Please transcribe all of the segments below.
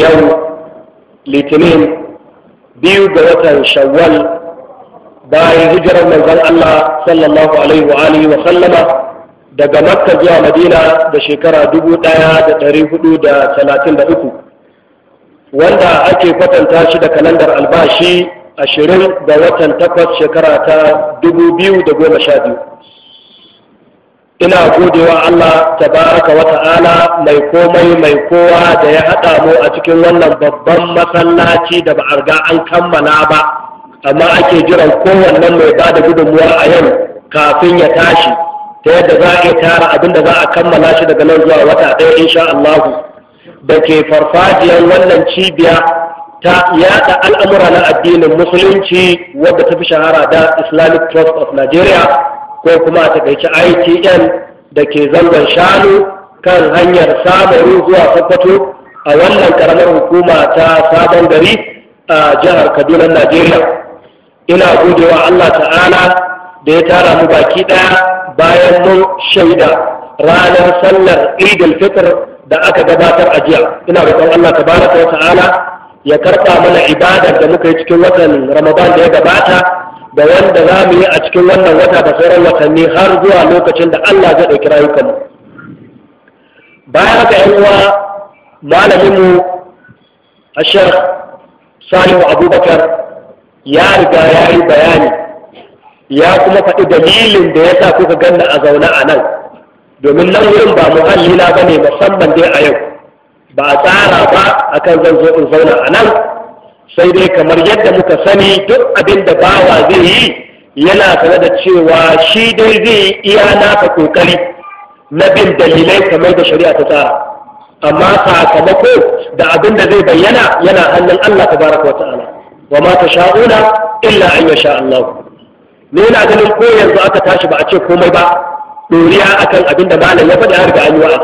yau litinin biyu ga watan shawwal bayan hijirar manzon Allah sallallahu alaihi wa alihi wa sallama daga Makka zuwa Madina da shekara uku, wanda ake kwatanta shi da kalandar albashi ashirin ga watan takwas shekara ta dubu biyu da goma sha biyu. ina godewa Allah tabaraka wa ta'ala mai komai mai kowa da ya haɗa mu a cikin wannan babban masallaci da ba a riga an kammala ba amma ake jiran kowannen mai ba da gudunmuwa a yau kafin ya tashi ta yadda za a tara abin da za a kammala shi daga nan zuwa wata ɗaya insha Allah da ke farfajiyar wannan cibiya ta yada al'amura na addinin musulunci wadda ta fi shahara da Islamic Trust of Nigeria ko kuma a takaici itn da ke zangon shanu kan hanyar samaru zuwa sokoto a wannan karamar hukuma ta sabon gari a jihar kaduna najeriya ina gudewa allah ta'ala da ya tara mu baki ɗaya bayan mun shaida ranar sallar idil fitr da aka gabatar a jiya ina roƙon allah tabaraka wa ta'ala ya karɓa mana ibadar da muka yi cikin watan ramadan da ya gabata da wanda za mu yi a cikin wannan wata da sauran watanni har zuwa lokacin da Allah zai ɗauki rayukanmu bayan haka yan uwa malaminmu ashar salihu abubakar ya riga ya yi bayani ya kuma faɗi dalilin da ya sa kuka ganna a zaune a nan domin nan wurin ba muhalli na ne musamman dai a yau ba a tsara ba akan zan zo in zauna a nan sai dai kamar yadda muka sani duk abin da bawa zai yi yana sanar da cewa shi dai zai yi iya naka kokari na bin dalilai kamar da shari'a ta tsara amma sakamako da abin da zai bayyana yana hannun Allah tabaraka wata'ala wa ma sha'una illa an yasha Allah ne yana ganin ko yanzu aka tashi ba a ce komai ba doriya akan abin da malam ya faɗi har ga an yi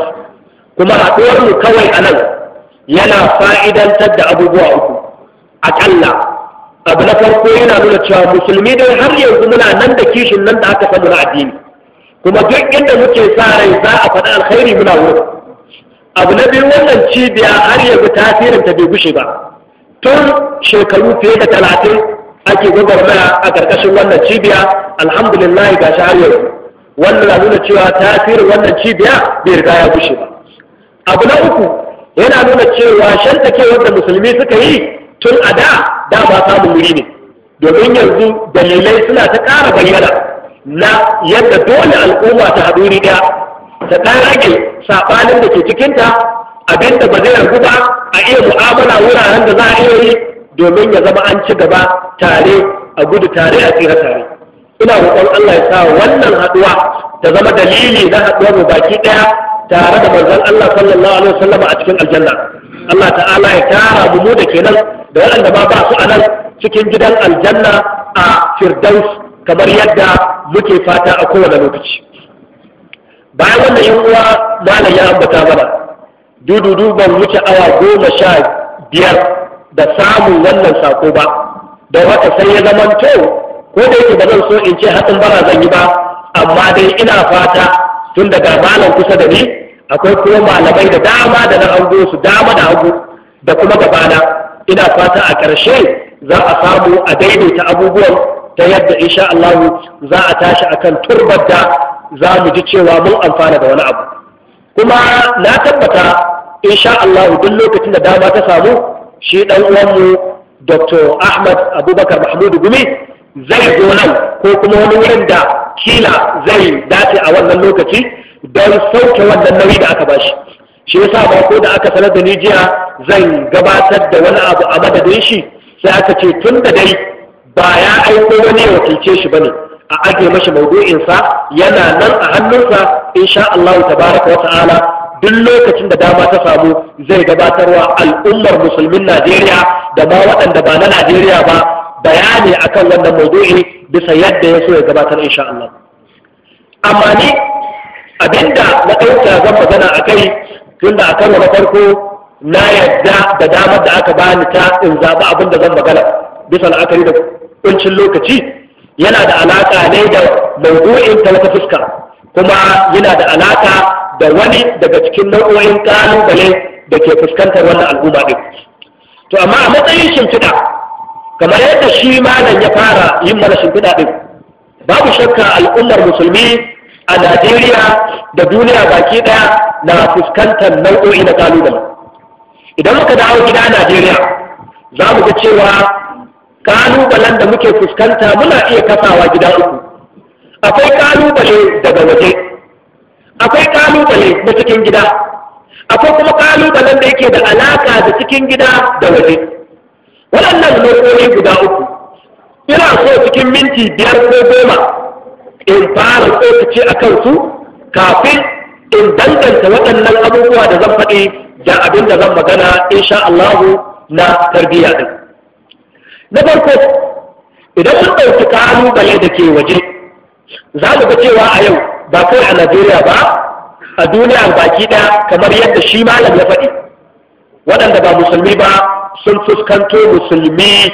kuma haɗuwar mu kawai anan yana fa'idantar da abubuwa uku akalla abu na farko yana nuna cewa musulmi dai har yanzu muna nan da kishin nan da aka samu na addini kuma duk inda muke sa rai za a faɗi alkhairi muna wurin abu na biyu wannan cibiya har yanzu tasirin ta bai gushe ba tun shekaru fiye da talatin ake gwagwarmaya a ƙarƙashin wannan cibiya alhamdulillah ga shi har yanzu wannan na nuna cewa tasirin wannan cibiya bai riga ya gushe ba abu na uku yana nuna cewa shantakewar da musulmi suka yi tun a da da ba samun wuri ne domin yanzu dalilai suna ta ƙara bayyana na yadda dole al'umma ta haɗu ni ɗaya ta ɗan rage saɓanin da ke cikinta abin da ba zai ragu ba a iya mu'amala wuraren da za a iya yi domin ya zama an ci gaba tare a gudu tare a tsira tare ina roƙon Allah ya sa wannan haɗuwa ta zama dalili na haɗuwar mu baki ɗaya tare da manzon Allah sallallahu alaihi wasallam a cikin aljanna Allah ta'ala ya tara mu da kenan da waɗanda ba ba su anan cikin gidan aljanna a firdaus kamar yadda muke fata a kowane lokaci bayan wannan yan uwa malam ya ambata mana dududu ban wuce awa goma sha biyar da samun wannan sako ba don haka sai ya zama to ko da yake ba zan so in ce hatsin bara zan yi ba amma dai ina fata tun daga malam kusa da ni akwai kuma malamai da dama da na hango su dama da hagu da kuma gabana ina fata a ƙarshe za a samu a daidaita abubuwan ta yadda insha Allah za a tashi akan turbar da za mu ji cewa mun amfana da wani abu kuma na tabbata insha Allah duk lokacin da dama ta samu shi dan uwanmu Dr. Ahmad Abubakar Mahmudu Gumi zai zo nan ko kuma wani wurin da kila zai dace a wannan lokaci don sauke wannan nauyi da aka bashi shi yasa ba ko da aka sanar da ni jiya zan gabatar da wani abu a madadin shi sai aka ce tun da dai ba ya aiko wani ya wakilce shi ne a ajiye mashi sa yana nan a hannunsa insha Allah tabaraka wa ta'ala duk lokacin da dama ta samu zai gabatarwa al'ummar musulmin Najeriya da ma waɗanda ba na Najeriya ba bayani akan wannan maudu'i bisa yadda ya so ya gabatar insha Allah amma ni abinda na ɗauka zan magana a kai tun da a karo na farko na yadda da damar da aka bani ta in zaɓi abin da zan magana bisa la'akari da kuncin lokaci yana da alaƙa ne da mawdu'in ta fuska kuma yana da alaƙa da wani daga cikin nau'o'in ƙalubale da ke fuskantar wannan al'umma ɗin to amma a matsayin shimfiɗa kamar yadda shi malam ya fara yin mana shimfiɗa ɗin babu shakka al'ummar musulmi a najeriya da duniya baki ɗaya na fuskantar nau'o'i na kalubale idan muka dawo gida a najeriya za mu ga cewa kalubalen da muke fuskanta muna iya kasawa gida uku akwai kalubale daga waje akwai kalubale na cikin gida akwai kuma kalubalen da yake da alaka da cikin gida da waje waɗannan nau'o'i guda uku ina so cikin minti biyar ko goma in fara tsokaci a kansu kafin in danganta waɗannan abubuwa da zan faɗi da abin da zan magana in sha Allahu na tarbiyya din na farko idan sun ɗauki kalubale da ke waje za mu ga cewa a yau ba kai a Najeriya ba a duniya baki ɗaya kamar yadda shi malam ya faɗi waɗanda ba musulmi ba sun fuskanto musulmi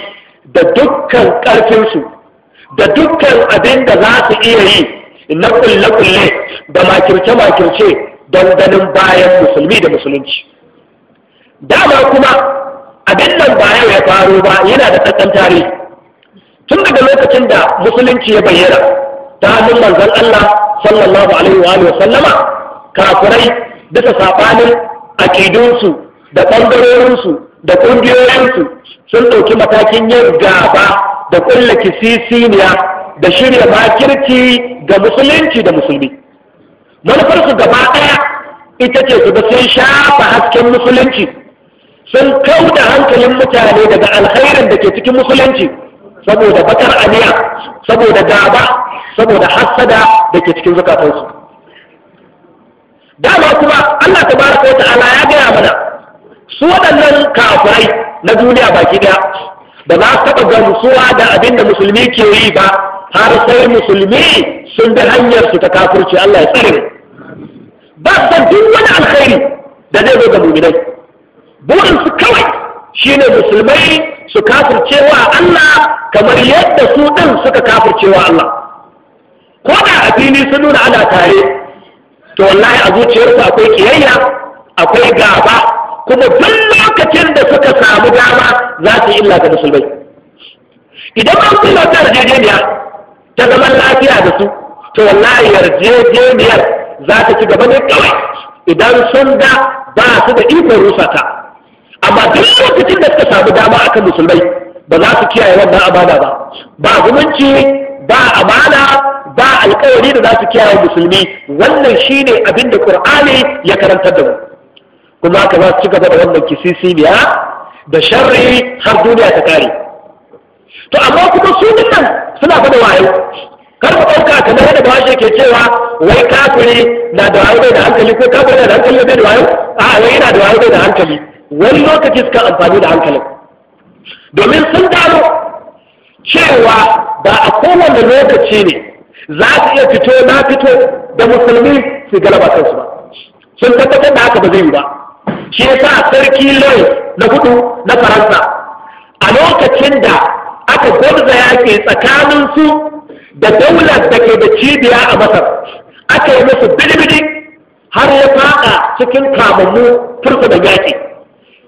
da dukkan ƙarfinsu da dukkan abin da za su iya yi na kulle-kulle da makirce-makirce don ganin bayan musulmi da musulunci dama kuma abin nan ba yau ya faru ba yana da ɗanɗan tarihi tun daga lokacin da musulunci ya bayyana ta hannun manzon Allah sallallahu alaihi wa sallama kafirai bisa sabanin akidunsu da ɓangarorinsu da ƙungiyoyinsu sun ɗauki matakin yin gaba da kulla kisisiniya da shirya makirci ga musulunci da musulmi manufarsu gaba ɗaya ita ce su ga sun shafa hasken musulunci sun kau da hankalin mutane daga alkhairin da ke cikin musulunci saboda bakar aniya saboda gaba saboda hassada da ke cikin zukatansu dama kuma allah tabaraka wa ta'ala ya gaya mana su waɗannan kafirai na duniya baki ɗaya ba za su taɓa gamsuwa da abin da musulmi ke yi ba har sai musulmi sun bi hanyar su ta kafurci Allah ya tsare ba su duk wani alkhairi da zai zo ga muminai burin su kawai shine musulmai su kafircewa Allah kamar yadda su din suka kafircewa Allah ko da a fili sun nuna ana tare to wallahi a zuciyarsu akwai kiyayya akwai gaba kuma duk lokacin da suka samu dama za su yi illa ga musulmai idan an kuma ta yarjejeniya ta zama lafiya da su to wallahi yarjejeniyar za ta ci gaba ne kawai idan sun ga ba su da ikon rusa ta amma duk lokacin da suka samu dama akan musulmai ba za su kiyaye wannan amana ba ba zumunci ba amana ba alkawari da za su kiyaye musulmi wannan shine abin da Kur'ani ya karantar da mu kuma aka za su ci gaba da wannan kisisiniya da sharri har duniya ta kare to amma kuma su nan suna faɗa wayo kar mu ɗauka kamar yadda bahaushe ke cewa wai kafiri na da wayo da hankali ko kafiri na da hankali bai da wayo a'a wai yana da wayo da hankali wani lokaci suka amfani da hankalin domin sun gano cewa ba a kowane lokaci ne za su iya fito na fito da musulmi su galaba kansu ba sun tabbatar da haka ba zai yi ba shi sa sarki lai na hudu na faransa a lokacin da aka ya ke tsakanin su da daular da ke da cibiya a masar aka yi musu bilibili har ya faɗa cikin kamammu da yaƙi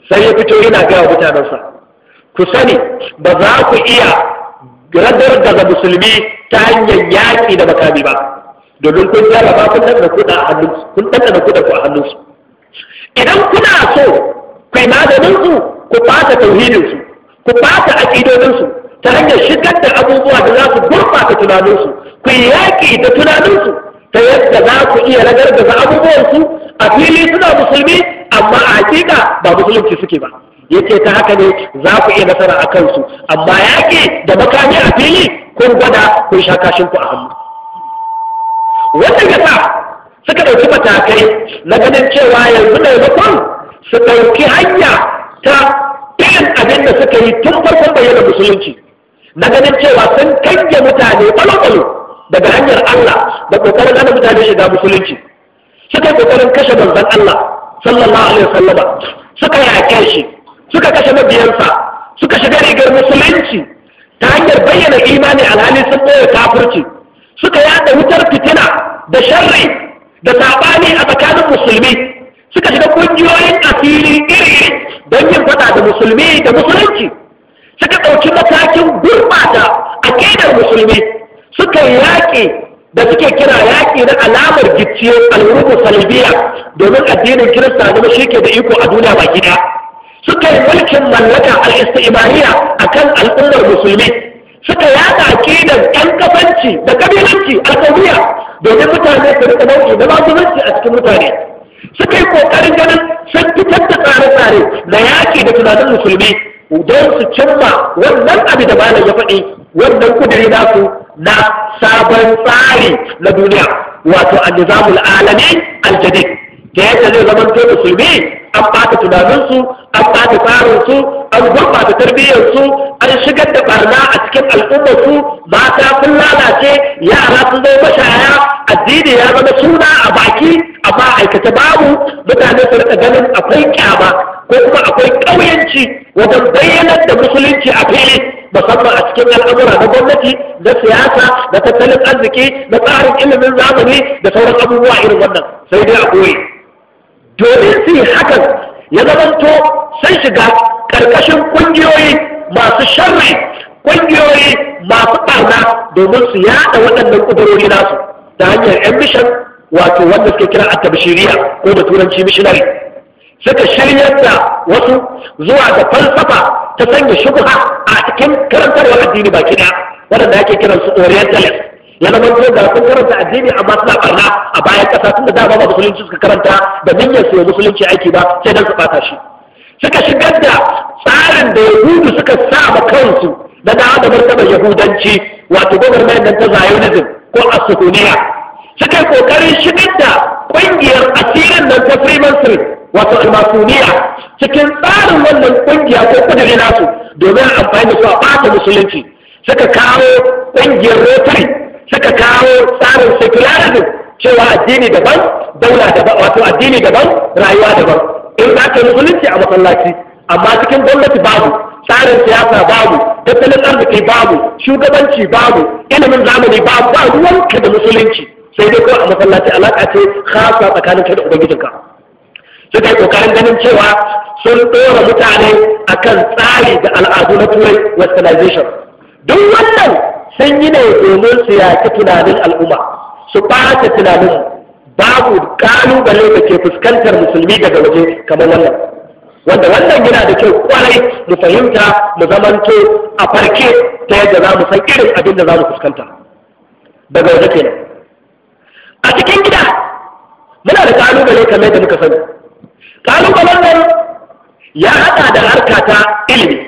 sai ya fito yana gaya mutanensa ku sani ba za ku iya radar daga musulmi ta hanyar yaƙi da makami ba domin kun jarraba kun ɗanɗana kuɗa a kun a hannunsu idan kuna so kai maganin su ku fata tauhidin su ku fata aqidodin su ta hanyar shigar da abubuwa da za su gurɓata tunanin su ku yaƙi da tunanin su ta yadda za ku iya ragargaza abubuwan su a fili suna musulmi amma a hakika ba musulunci suke ba yace ta haka ne za ku iya nasara a kansu amma yaƙi da makami a fili kun gwada kun sha kashin ku a hannu wannan yasa suka ɗauki matakai na ganin cewa yanzu maimakon su ɗauki hanya ta ɗayan abin da suka yi tun farkon da musulunci na ganin cewa sun kange mutane ɓalo daga hanyar Allah da ƙoƙarin ana mutane shiga musulunci suka yi ƙoƙarin kashe manzon Allah sallallahu alaihi sallama, suka yaƙe shi suka kashe mabiyansa suka shiga rigar musulunci ta hanyar bayyana imani alhali sun ɓoye kafirci suka yaɗa wutar fitina da sharri da saɓani a tsakanin musulmi suka shiga ƙungiyoyin asiri iri don yin fata da musulmi da musulunci suka ɗauki matakin gurɓata a ƙidar musulmi suka yi yaƙi da suke kira yaƙi na alamar gicciyo alwurku salbiya domin addinin kirista zama shi ke da iko a duniya baki ɗaya suka yi mulkin mallaka al a kan al'ummar musulmi suka yaƙa aƙidar 'yan kafanci da kabilanci al domin mutane su rika nau'i na magudanci a cikin mutane suka yi kokarin ganin sun fitar da tsare-tsare na yaƙi da tunanin musulmi don su cimma wannan abu da malam ya faɗi wannan kudiri nasu na sabon tsari na duniya wato annizamul alami aljadid da yadda zai zama to musulmi an bata tunaninsu an bata tsarinsu an gurɓata tarbiyyarsu an shigar da ɓarna a cikin al'ummarsu mata sun lalace yara sun zama mashaya addini ya zama suna a baki amma aikace babu mutane su rika ganin akwai kyama ko kuma akwai ƙauyenci wajen bayyanar da musulunci a fili musamman a cikin al'amura na gwamnati na siyasa na tattalin arziki na tsarin ilimin zamani da sauran abubuwa irin wannan sai dai a koyi domin su yi hakan ya zamanto sun shiga ƙarƙashin ƙungiyoyi masu sharri ƙungiyoyi masu ɓarna domin su yaɗa waɗannan ƙudurori nasu ta hanyar yan mishan wato wanda suke kira a tabshiriya ko da turanci mishinari suka shirya da wasu zuwa da falsafa ta sanya shubha a cikin karantarwar addini baki ɗaya waɗanda ake kiransu orientalist ya zama ko da sun karanta addini amma suna barna a bayan kasa tun da dama ba musulunci suka karanta da niyyar su musulunci aiki ba sai dan su fata shi suka shigar da tsarin da yahudu suka sa ma kansu na dawa da martaba yahudanci wato gwamnatin nan ta zionism ko asuhuniya suka yi kokarin shigar da kungiyar asirin nan ta freemasonry wato almasuniya cikin tsarin wannan kungiya ko kudiri nasu domin amfani da su a ɓata musulunci suka kawo kungiyar rotary suka kawo tsarin secularism cewa addini daban daula daban wato addini daban rayuwa daban in za ka musulunci a masallaci amma cikin gwamnati babu tsarin siyasa babu tattalin arziki babu shugabanci babu ilimin zamani babu ba ka da musulunci sai dai kawai a masallaci alaƙa ce khasa kai da ubangijinka suka yi kokarin ganin cewa sun ɗora mutane akan tsari da al'adu na turai westernization duk wannan sun yi ne domin su yaki tunanin al'umma su ɓata tunanin babu ƙalubale da ke fuskantar musulmi daga waje kamar wannan wanda wannan yana da kyau kwarai mu fahimta mu zamanto a farke ta yadda za mu san irin abin da za mu fuskanta daga waje kenan a cikin gida muna da ƙalubale kamar yadda muka sani ƙalubalen nan ya haɗa da harka ta ilimi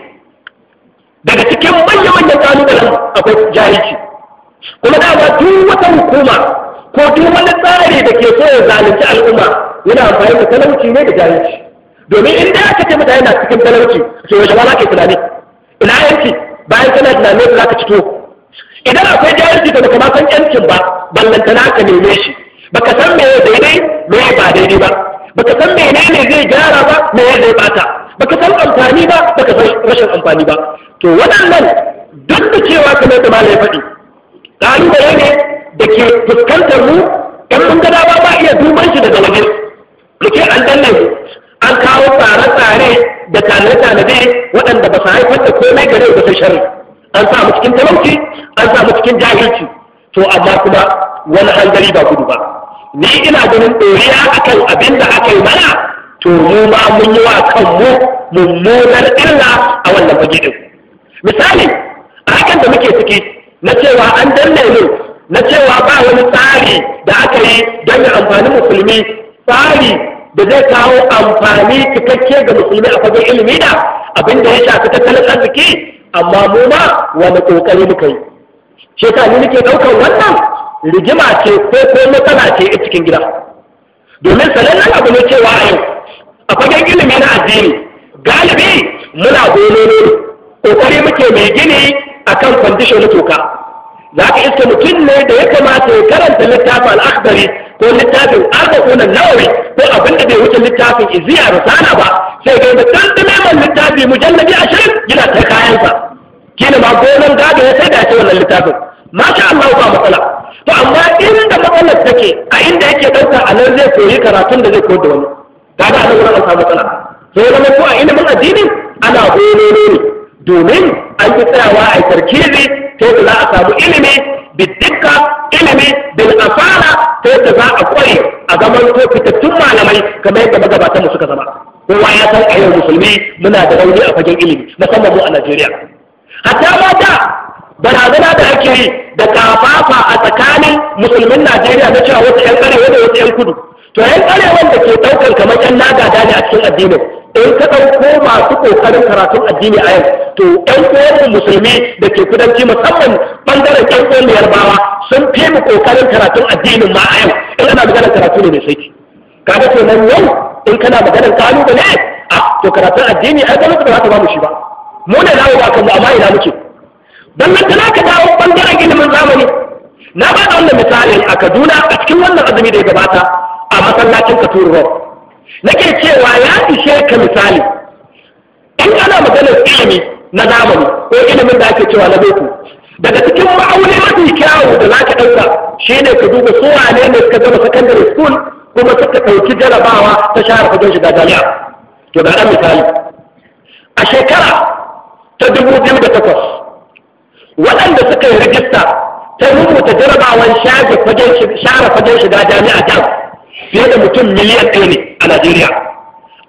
daga cikin manya-manyan ƙalubalen akwai jahilci kuma dama duk wata hukuma ko duk wani tsari da ke so ya zalunci al'umma yana amfani da talauci ne da jahilci domin in aka ce mutane na cikin talauci to ya shawara ke tunani ina yanki bayan kana tunanin da za ka fito idan akwai jahilci da kuma ma san yankin ba ballantana ka neme shi baka san me daidai me ba daidai ba baka san me ne zai gyara ba me zai bata baka san amfani ba baka san rashin amfani ba to waɗannan duk da cewa kamar da malai faɗi ƙalubale ne da ke fuskantar mu ɗan mun gada ba ba iya duban shi daga waje muke an danne an kawo tsare-tsare da tanade-tanade waɗanda ba su haifar da komai gare ba sai shari, an sa mu cikin talauci an sa mu cikin jahilci to amma kuma wani hangari ba gudu ba ni ina ganin ɗoriya akan abin da aka yi mana to mu ma mun yi wa kanmu mummunar illa a wannan fage ɗin misali hakan da muke ciki na cewa an danne ne na cewa ba wani tsari da aka yi don ya amfani musulmi tsari da zai kawo amfani cikakke ga musulmi a fagen ilimi da abin da ya shafi tattalin arziki amma mu ma wani kokari muka yi shi ni nake ɗaukar wannan rigima ce ko ko matsala ce a cikin gida domin sanannen abu ne cewa a yau a fagen ilimi na addini galibi muna gono ne kokari muke mai gini akan kwandisho na toka za ka iska mutum ne da ya kamata ya karanta littafin al'akbari ko littafin arba'unan nawawi ko abin da bai wuce littafin iziya risala ba sai ga da naman littafi mujallabi ashirin yana ta kayansa kina ma gonan gado ya sai da ya ce wannan littafin masha Allah ba matsala to amma da matsalar take a inda yake ɗauka a nan zai koyi karatun da zai koyar da wani kaga a nan wurin an samu matsala sai zama ko a ilimin addini ana gonono ne domin an yi tsayawa a tarkizi ta yadda za a samu ilimi bidikka ilimi bil asara ta yadda za a kware a zaman ko fitattun malamai kamar yadda magabatan mu suka zama kowa ya san a yau musulmi muna da rauni a fagen ilimi musamman mu a Najeriya hatta mata barazana da ake yi da kafafa a tsakanin musulmin Najeriya na cewa wata 'yan arewa da wata 'yan kudu to 'yan arewan da ke ɗaukar kamar 'yan nagada ne a cikin addinin in ka ɗauko masu ƙoƙarin karatun addini a yau to ƴan uwanmu musulmi da ke kudanci musamman ɓangaren ƴan uwan yarbawa sun fi mu ƙoƙarin karatun addinin ma a yau in ana maganar karatu ne mai sauki ga kenan yau in kana maganar kalubale a to karatun addini ai gwamnati ba za ta ba mu shi ba mu ne za mu ba kanmu amma ina muke ballan tana ka dawo ɓangaren ilimin zamani na ba da wannan misalin a kaduna a cikin wannan azumi da ya gabata a masallacin katuru nake cewa ya ishe ka misali in ana maganar ilimi na zamani ko ilimin da ake cewa na boko daga cikin ma'auni mafi kyawu da za ka ɗauka shine ka duba su wane ne suka gama secondary school kuma suka ɗauki jarabawa ta share fagen shiga jami'a to da ɗan misali a shekara ta dubu biyu da takwas waɗanda suka yi rajista ta rubuta jarabawan share fagen shiga jami'a jam fiye da mutum miliyan ɗaya ne a Najeriya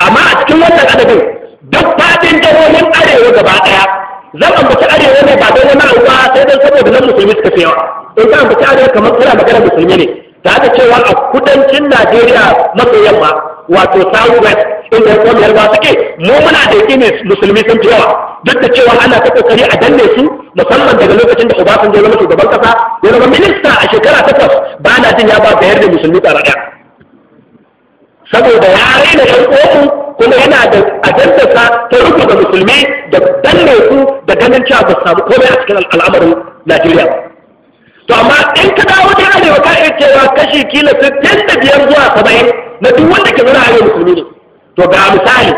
amma a cikin wannan adadin duk fadin jihohin arewa gaba ɗaya zan ambaci arewa ne ba don wani abuwa sai don saboda nan musulmi suka fi yawa in ka ambaci arewa kamar kana magana musulmi ne da cewa a kudancin Najeriya maso yamma wato south west inda ya kwamiyar ba suke mu muna da yake ne musulmi sun fi yawa duk da cewa ana ta kokari a danne su musamman daga lokacin da Obasanjo ya zama shugaban kasa ya zama minista a shekara takwas ba na jin ya ba bayar da musulmi tsara ɗaya saboda ya raina yan uwanmu kuma yana da ajandarsa ta rufe da musulmi da danne su da ganin cewa ba samu komai a cikin al'amarin Najeriya ba. To amma in ka dawo da arewa ka iya cewa kashi kila sittin da biyar zuwa saba'in na duk wanda ke zauna arewa musulmi ne. To ga misali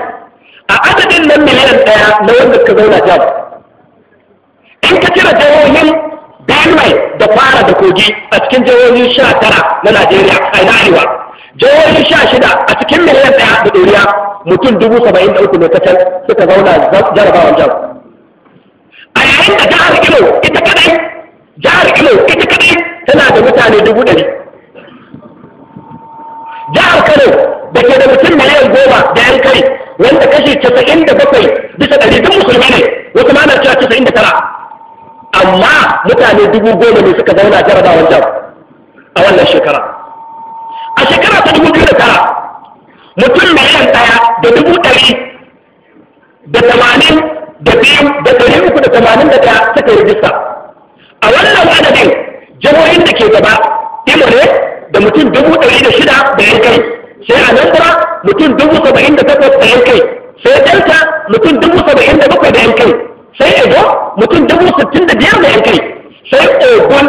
a adadin nan miliyan ɗaya na wanda ka zauna jam. In ka cire jihohin Benue da fara da kogi a cikin jihohin sha tara na Najeriya a arewa. jihohin sha shida a cikin miliyan ɗaya da ɗoriya mutum dubu saba'in da uku ne kacal suka zauna jarabawan jam a yayin da jihar ilo ita kadai jihar ilo ita kadai tana da mutane dubu ɗari jihar kano da ke da mutum miliyan goma da yan kai wanda kashi casa'in da bakwai bisa ɗari duk musulmi ne wasu ma na cewa casa'in da tara amma mutane dubu goma ne suka zauna jarabawan jam a wannan shekara a shekara ta dubu biyu da tara mutum miliyan ɗaya da dubu ɗari da tamanin da biyu da ɗari uku da tamanin da ɗaya suka yi rijista a wannan adadin jihohin da ke gaba imo ne da mutum dubu ɗari da shida da kai, sai a nan kuma mutum dubu saba'in da takwas da kai, sai delta mutum dubu saba'in da bakwai da kai, sai edo mutum dubu sittin da biyar da kai, sai ogun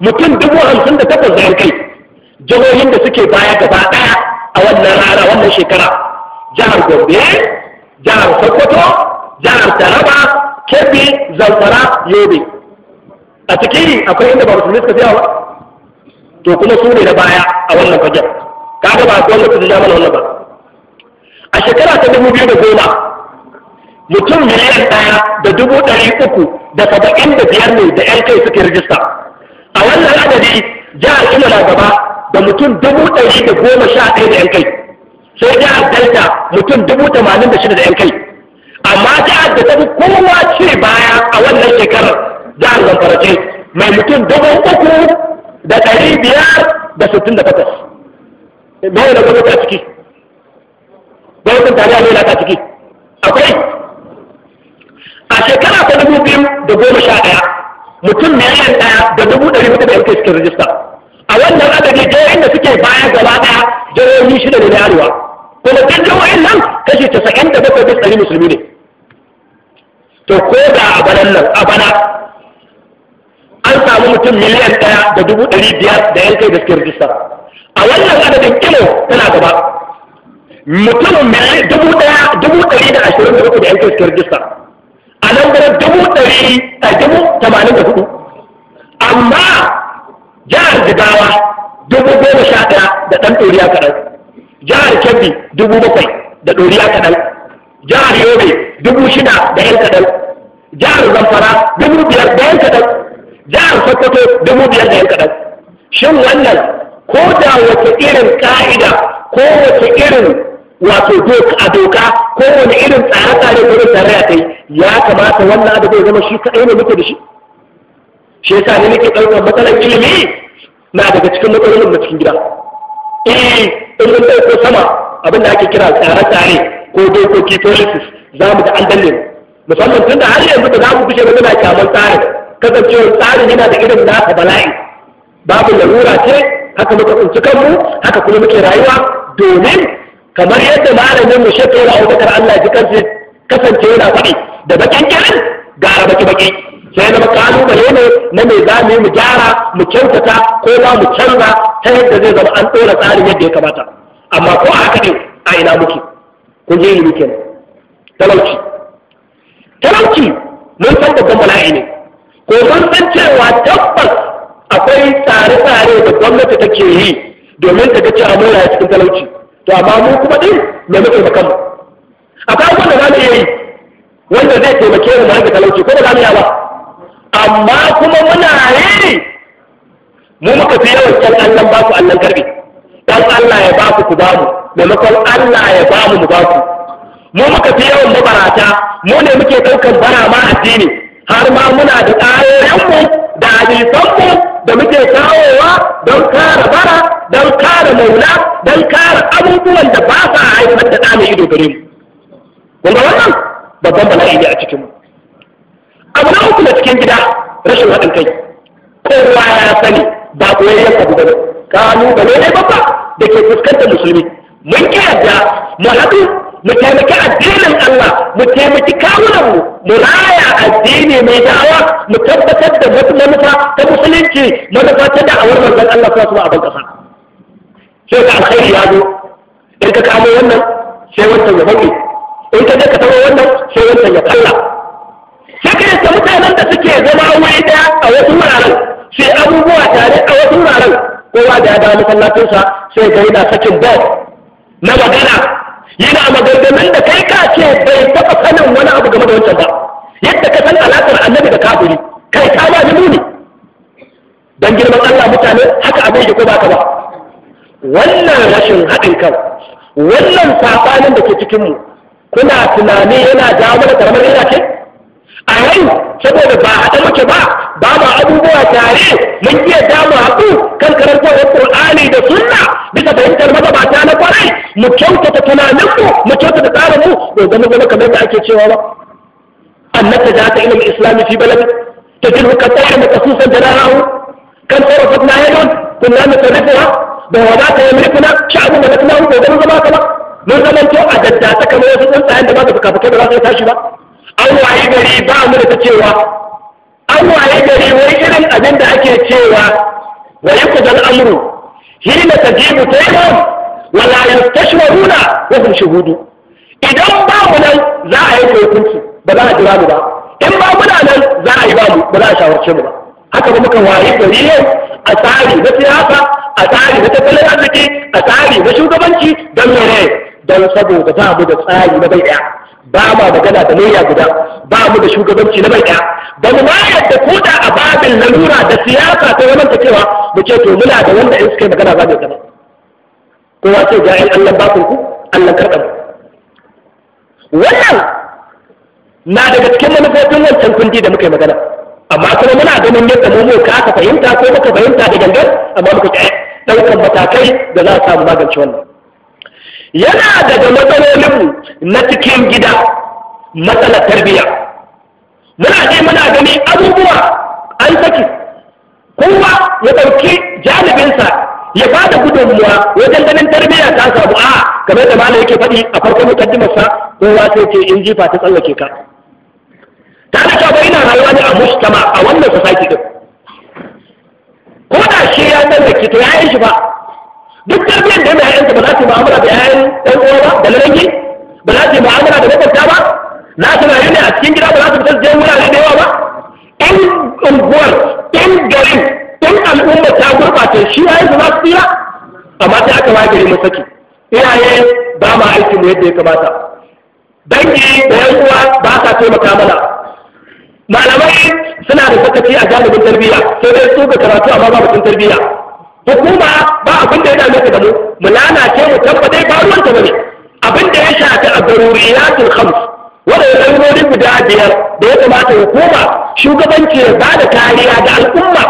mutum dubu hamsin da takwas da kai. jihohin da suke baya gaba ɗaya a wannan rana wannan shekara jihar gombe jihar sokoto jihar taraba kebbi zamfara yobe a cikin akwai inda ba musulmi suka ba to kuma su ne na baya a wannan fagen kaga ba akwai wanda su mana wannan ba a shekara ta dubu biyu da goma mutum miliyan ɗaya da dubu dari uku da saba'in da biyar ne da 'yan kai suke rijista a wannan adadi jihar ina na gaba da mutum dubu ɗari da goma sha ɗaya da ƴan kai sai da delta mutum dubu tamanin da shida da ƴan kai amma jihar da ta fi kowa ce baya a wannan shekarar jihar zamfara zamfarace mai mutum dubu uku da ɗari biyar da sittin da takwas bai da gwamnati a ciki gwamnatin tare a na ta ciki akwai a shekara ta dubu biyu da goma sha ɗaya mutum miliyan ɗaya da dubu ɗari mutum da kai cikin rijista wannan adadi ɗaya inda suke baya gaba ɗaya jihohi shida ne na arewa kuma jawo in nan kashi casa'in da bakwai bisa ɗari musulmi ne to ko da a bana nan a bana an samu mutum miliyan ɗaya da dubu ɗari biyar da kai da suke rijista a wannan adadin kilo tana gaba mutum dubu ɗaya dubu ɗari da ashirin da bakwai da yankai suke rijista a nan gurin dubu ɗari a dubu tamanin da hudu amma jihar jigawa dubu goma sha ɗaya da ɗan ɗoriya kaɗan jihar kebbi dubu bakwai da ɗoriya kaɗan jihar yobe dubu shida da ƴan kaɗan jihar zamfara dubu biyar da ƴan kaɗan jihar sokoto dubu biyar da ƴan kaɗan shin wannan ko da wace irin ƙa'ida, ko wace irin wato a doka ko wani irin tsare-tsare da tarayya ta yi ya kamata wannan abu zai zama shi kaɗai ne muke da shi shi yasa ne nake ɗaukar matsalar ilimi na daga cikin matsalolin na cikin gida eh in mun ɗauko sama abin da ake kira tsare-tsare ko dokoki ko lisis za mu da an danne musamman da har yanzu ba za mu fice ba muna kyaman tsari kasancewar tsarin yana da irin nasa bala'i babu larura ce haka muka tsinci kanmu haka kuma muke rayuwa domin kamar yadda malamin mu shekaru a wadatar Allah ji kansu kasance yana faɗi da bakin kirin gara baki baki sai na kalubale ne na mai za mu yi mu gyara mu kyautata ko ba mu canza ta yadda zai zama an ɗora tsarin yadda ya kamata amma ko a haka ne a ina muke kun je yi muke talauci talauci mun san babban bala'i ne ko mun san cewa tabbas akwai tsare-tsare da gwamnati take yi domin ta ga cewa mun cikin talauci to amma mu kuma din me muke da kanmu akwai wanda za mu yi wanda zai taimake mu mu rage talauci ko ba za mu yi ba amma kuma muna yi mu muka fi yawan kyan Allah ba ku Allah karbi dan Allah ya ba su ku ba mu maimakon Allah ya ba mu mu ba su mu muka fi yawan mabarata mu ne muke ɗaukan bara ma addini har ma muna da mu, da mu, da muke kawowa don kara bara don kara mauna, don kara abubuwan da ba sa haifar da ɗa mai ido gare mu kun ga wannan babban bala'i ne a cikinmu abu uku da cikin gida rashin haɗin kai kowa ya sani ba koyayyen abu ba ne kalubale babba da ke fuskantar musulmi mun yarda mu haɗu mu taimaki addinin Allah mu taimaki kawunan mu raya addini mai da'awa mu tabbatar da wata manufa ta musulunci manufa ta da'awar manzon Allah a alaihi wasallam sai ka alkhairi ya zo in ka kamo wannan sai wancan ya bari in ka je ka tawo wannan sai wancan ya kalla wanda suke zama wuri daya a wasu wuraren sai abubuwa tare a wasu wuraren kowa da ya dawo sa sai ga yana sakin bom na magana yana maganganun da kai ka ce bai taɓa sanin wani abu game da wancan ba yadda ka san alaƙar annabi da kafiri kai ka ba ni muni dan girman Allah mutane haka abin da ko ba ba wannan rashin haɗin kan wannan sabanin da ke cikin mu kuna tunani yana jawo mana karamar ina ce a yau saboda ba haɗa muke ba ba ma abubuwa tare mun iya damu haɗu kan karantarwar ƙur'ani da sunna bisa fahimtar magabata na kwarai mu kyautata tunaninmu mu kyautata tsarinmu bai zama zama kamar da ake cewa ba annaka da ta ilmin islami fi balad تجده كالطير مقصوصا جناحه كم صرفتنا عين كنا نصرفها بوضعت يملكنا شعب ملكناه وقدر زماتنا من زمن تو أجداتك ما يسوس أنت عندما تبقى فكذا tashi ba. an waye gari ba mu da cewa an waye gari wai irin abin da ake cewa wa yuqdal amru hina tajibu tayyib wa la yastashwaruna ko hum shuhudu idan ba mu nan za a yi hukunci ba za a jira mu ba in ba mu nan za a yi ba mu ba za a shawarce mu ba haka kuma kan waye gari yau a tsari na siyasa a tsari na tattalin arziki a tsari na shugabanci don mene don saboda ba mu da tsari na bai ɗaya. ba ma magana da lauya guda ba mu da shugabanci na bai ɗaya ba mu ma yadda ko da a babin lalura da siyasa ta zaman ta cewa mu ce to muna da wanda in suka magana za mu ko kowa ce ga Allah ba ku Allah karɓa wannan na daga cikin manufofin wancan kundi da muka yi magana amma kuma muna ganin yadda mu mu ka fahimta ko muka fahimta da gangan amma muka ɗaukan matakai da za a samu magance wannan yana daga matsalolinmu na cikin gida matsalar tarbiyya muna je muna gani abubuwa an saki kuma ya ɗauki jalibinsa ya ba da gudunmuwa wajen ganin tarbiyya ta samu a kamar da malam yake faɗi a farkon mukaddimarsa kowa sai ce in jifa ta tsallake ka ta da kawai ina rayuwa ne a mustama a wannan society din ko da shi ya tsallake to ya yi shi ba duk tarbiyyar da mai ƴaƴanka ba za su mu'amala da yayan ɗan uwa ba da lalange ba za su mu'amala da makwabta ba za su a cikin gida ba za su fita su wurare da yawa ba ɗan unguwar ɗan garin ɗan al'umma ta gurɓace shi ya yanzu za su tsira amma sai aka waye gari masaki. iyaye ba ma aiki mu yadda ya kamata dangi da yan uwa ba sa taimaka mana malamai suna da sakaci a galibin tarbiyya sai dai su ga karatu amma ba batun tarbiyya hukuma ba abin da ya dame ka da mu mu lalace mu tabbatai ba ruwan ta bane abin da ya shafi a daruriyatul khams wanda ya wani guda biyar da ya kamata hukuma shugabanci ya ba da kariya ga al'umma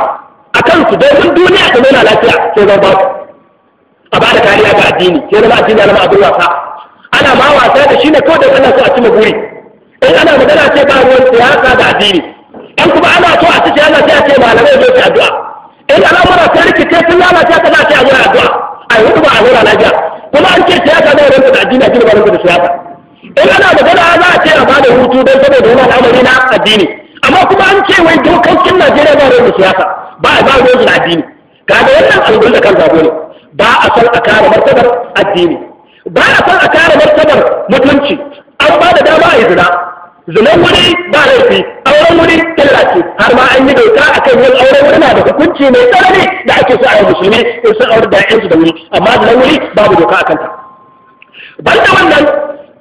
a kansu domin duniya ta nuna lafiya sai zan ba a ba da kariya ga addini sai zama addini zama abin wasa ana ma wasa da shi ne kawai da ana so a cima guri in ana magana ce ba ruwan siyasa da addini in kuma ana so a ci ana sai a ce malamai zai ci addu'a in al'amura sun rikice sun lalace ka za ta yi a addu'a a yi hudu ba a zaura lafiya kuma an ce siyasa zai rinka da addini a ba rinka da siyasa in ana magana za a ce a bada hutu don saboda wani al'amari na addini amma kuma an ce wai dokokin najeriya zai rinka siyasa ba a ba ruwan da addini kaga wannan al'ummar da kan zabo ne ba a san a kare martabar addini ba a san a kare martabar mutunci an ba da dama a yi zina zuman wuri ba laifi auren wuri killa har ma an yi doka akan yin auren wuri na da hukunci mai tsanani da ake so a yi musulmi in sun aure da yansu da wuri amma zunan wuri babu doka a kanta. ban da wannan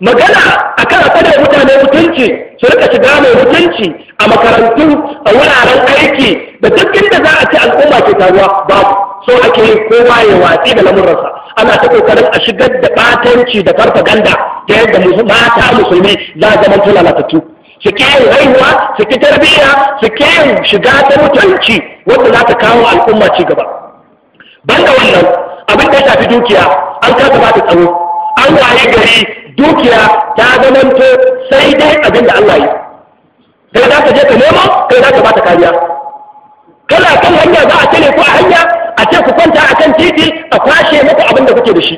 magana akan fadar mutane mutunci su rika shiga mai mutunci a makarantu a wuraren aiki da duk inda za a ce al'umma ke taruwa babu so ake yi kowa ya watsi da lamurransa ana ta kokarin a shigar da batanci da farfaganda ta yadda mata musulmi za a zama lalatattu su yin haihuwa su ki tarbiyya su yin shiga ta mutunci wanda za ta kawo al'umma ci gaba banda wannan abin da shafi dukiya an kasa ba ta tsaro an waye gari dukiya ta to sai dai abin da Allah yi kai za ka je ka nemo kai za ka ba ta kariya kana kan hanya za a tare ko a hanya a ce ku kwanta a kan titi a kwashe muku abin da kuke da shi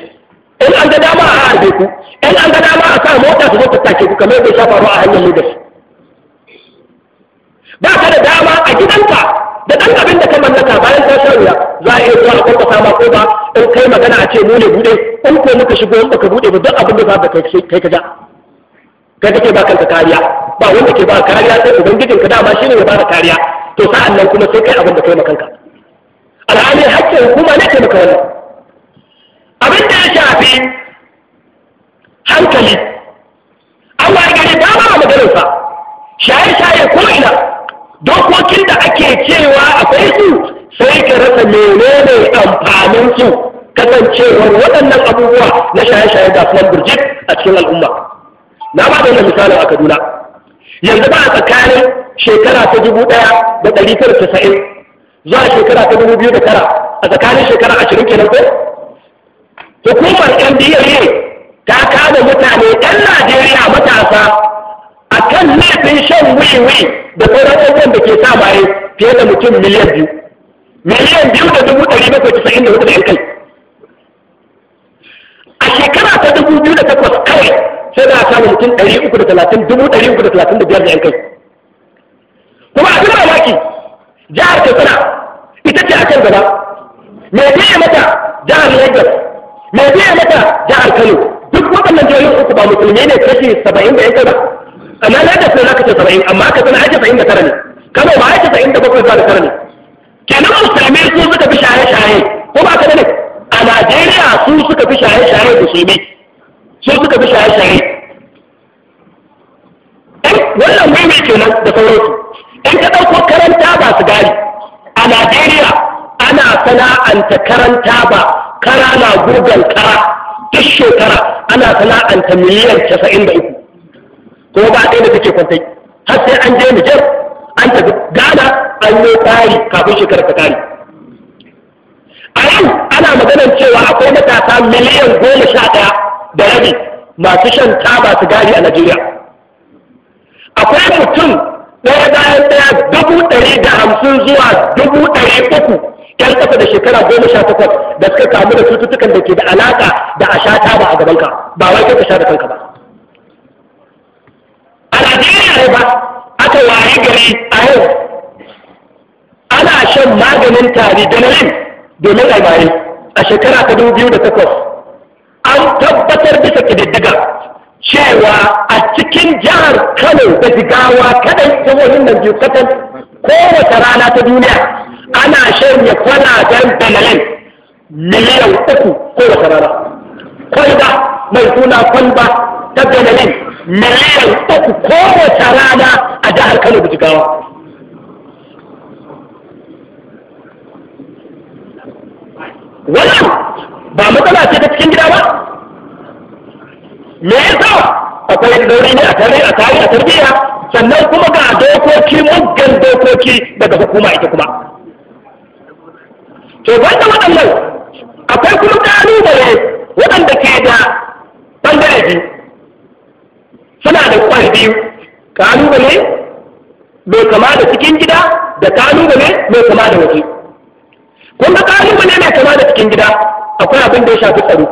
in an ga dama a harbe ku in an ga dama a sa mota su zo ta take ku kamar bai shafa a hanyar Lagos ba ka da dama a gidanka da ɗan abin da ka mallaka bayan ka shan ya, za a iya zuwa a kwakwata ko ba in kai magana a ce mu ne buɗe in ko muka shigo in baka buɗe ba duk abin da za ka kai ka ja kai kake ba kanka kariya ba wanda ke ba kariya sai ubangijinka dama ne ya ba kariya to sa'an nan kuma sai kai abin da kai makanka alhalin hakkin hukuma ne taimaka wani abin da ya shafi hankali Allah ya gari dama a maganarsa shaye-shaye ko ina dokokin da ake cewa akwai su sai ka rasa menene amfanin su kasancewar waɗannan abubuwa na shaye-shaye ga sunan a cikin al'umma na ba da misalin a kaduna yanzu ba a tsakanin shekara ta dubu ɗaya da ɗari tara casa'in zuwa shekara ta dubu biyu da tara a tsakanin shekara ashirin kenan ko hukumar ndla ta kama mutane ɗan najeriya matasa a kan laifin shan wiwi da sauran abubuwan da ke sa maye fiye da mutum miliyan biyu miliyan biyu da dubu ɗari bakwai casa'in da hudu da yan kai a shekara ta dubu biyu da takwas kawai sai da samu mutum ɗari uku da talatin dubu ɗari uku da talatin da biyar da yan kai kuma abin mamaki jihar katsina ita ce akan gaba mai biya mata jihar lagos mai biya mata jihar kano duk waɗannan jihohin uku ba musulmi ne kashi saba'in da yanka ba amma lagos ne naka ce saba'in amma katsina ake saba'in da tara ne kano ba ake saba'in da bakwai ba da tara ne kenan musulmi su suka fi shaye-shaye ko ba ka ne a najeriya su suka fi shaye-shaye musulmi su suka fi shaye-shaye eh, wannan mai kenan da sauransu in ka ɗauko karanta ba su gari a najeriya ana sana'anta karanta ba kara na gugan kara duk shekara ana sana'anta miliyan casa'in da uku kuma ba ɗaya da take kwantai har sai an je mijar an tafi ghana an yi tari kafin shekarar ta tari a yau ana maganar cewa akwai matasa miliyan goma sha ɗaya da rabi masu shan taba sigari a najeriya akwai mutum ɗaya bayan ɗaya dubu ɗari da hamsin zuwa dubu ɗari uku yan ƙasa da shekara goma sha takwas da suka kamu da cututtukan da ke da alaƙa da a sha taba a gabanka ba wai kai ka sha da kanka ba a Najeriya ne ba aka waye gari a yau ana shan maganin tari nan domin a a shekara ta dubu biyu da takwas an tabbatar bisa ƙididdiga cewa a cikin jihar Kano da Jigawa kadai jihohin nan biyu kadan kowace rana ta duniya ana kwana don dalalai miliyan uku kowace rana. Kwalba mai suna kwalba ta dalilin miliyan uku kowace rana a jihar Kano da Jigawa. Wannan ba matsala ce ta cikin gida ba, me yasa akwai dauri ne a tare a tare a tarbiyya sannan kuma ga dokoki muggan dokoki daga hukuma ita kuma to banda waɗannan akwai kuma ƙalubale waɗanda ke da ɓangare biyu suna da ƙwar biyu ƙalubale mai kama da cikin gida da ƙalubale mai kama da waje kun ga ƙalubale mai kama da cikin gida akwai abin da ya shafi tsaro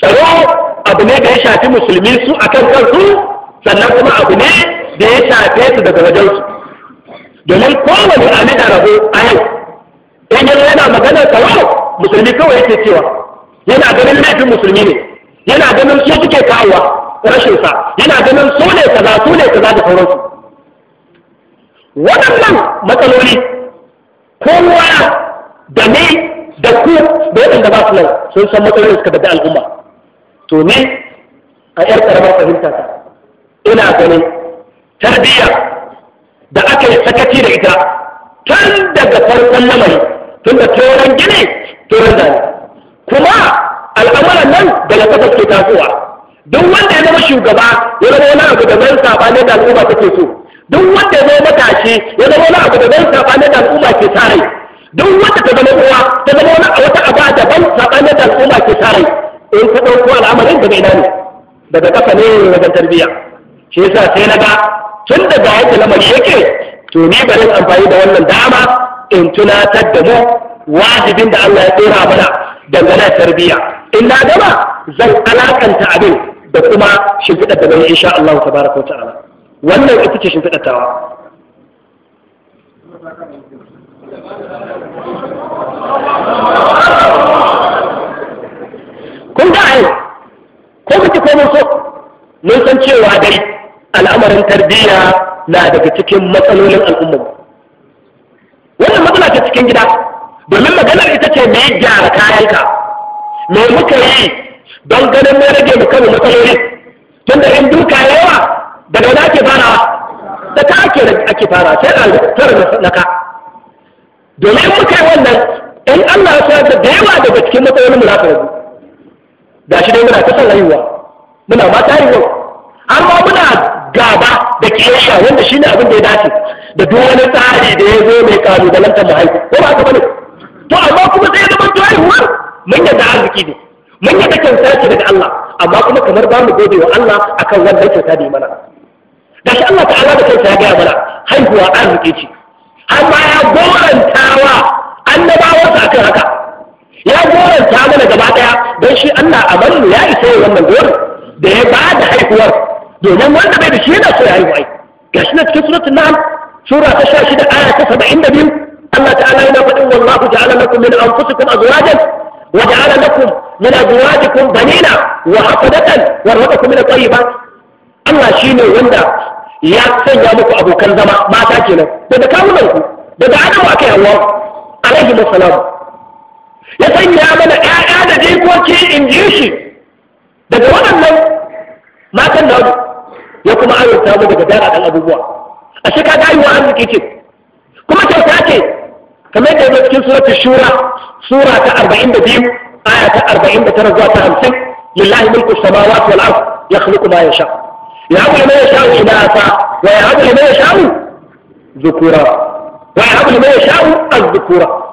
tsaro abu ne da ya shafi musulmi su a kan kansu sannan kuma abu ne da ya shafe su daga wajensu domin kowane a da rabu a yau in yana maganar tsaro musulmi kawai yake cewa yana ganin laifin musulmi ne yana ganin su suke kawowa rashin sa yana ganin su ne kaza su ne kaza da sauransu waɗannan matsaloli kowa da ne da ku da waɗanda ba su nan sun san matsalolin suka da al'umma to ne a yar karamar fahimta ta ina ganin tarbiyya da aka yi sakaci da ita tun daga farkon lamari tun da toron gini toron da kuma al'amuran nan da na kasa ke tasowa duk wanda ya zama shugaba ya zama wani abu da mai saɓanin da al'umma take so duk wanda ya zama matashi ya zama wani abu da mai saɓanin da al'umma ke sa duk wanda ta zama uwa ta zama wani wata abu daban saɓanin da al'umma ke sa in ka ɗauko al'amarin daga ina ne daga kafa ne wajen tarbiyya shi yasa sai na ga tun daga yadda lamari yake to ni bari amfani da wannan dama in tunatar da mu wajibin da Allah ya tsora mana dangane tarbiyya in na gama zan alakanta abin da kuma shimfiɗar da bai insha Allah tabaraka wa ta'ala wannan ita ce shimfiɗar tawa Thank you. mun da a yau ko muke ko mun so mun san cewa dai al'amarin tarbiyya na daga cikin matsalolin al'umma wannan matsala ta cikin gida domin maganar ita ce me gyara kayanka me muka yi don ganin mai rage mu kan matsaloli tun da in duka yawa daga wani ake farawa da ta ake ake fara sai a tara na ka domin muka yi wannan in Allah ya so da yawa daga cikin matsalolin mu na gashi dai muna ta san haihuwa muna mata yau amma muna gaba da kiyasha wanda shi ne abin da ya dace da duk wani tsari da ya zo mai lantar mu haihu ko ba ka bane to amma kuma sai zama ta haihuwar mun yadda arziki ne mun yadda kyauta sarki daga Allah amma kuma kamar ba mu gode wa Allah akan wannan kyauta da yi mana gashi Allah ta'ala da kansa ya gaya mana haihuwa arziki ce amma ya gorantawa annabawansa akan haka ya goranta mana gaba daya don shi Allah a bari ya isa yi wannan gori da ya ba da haihuwar domin wanda bai da shi yana so ya haihu ai gashi na cikin suratul nan, sura ta 16 aya ta biyu. Allah ta'ala yana faɗin wallahu ta'ala lakum min anfusikum azwajan wa ja'ala lakum min azwajikum banina wa hafadatan wa razaqakum min ba. tayyibat Allah shine wanda ya sanya muku abokan zama mata kenan daga kawunan ku daga Adamu akai Hawwa alaihi assalam ya sanya mana ƴaƴa da jikoki in ji shi daga waɗannan matan da ya kuma ayyuka mu daga dara ɗan abubuwa a shi kaga ayyuwa arziki ce kuma kyauta ce kamar yadda yake cikin suratu shura sura ta arba'in da biyu, aya ta arba'in da tara zuwa ta hamsin, lillahi mulku samawati wal ard yakhluqu ma yasha ya'lamu ma yasha inatha wa ya'lamu ma yasha dhukura wa ya'lamu ma yasha az-dhukura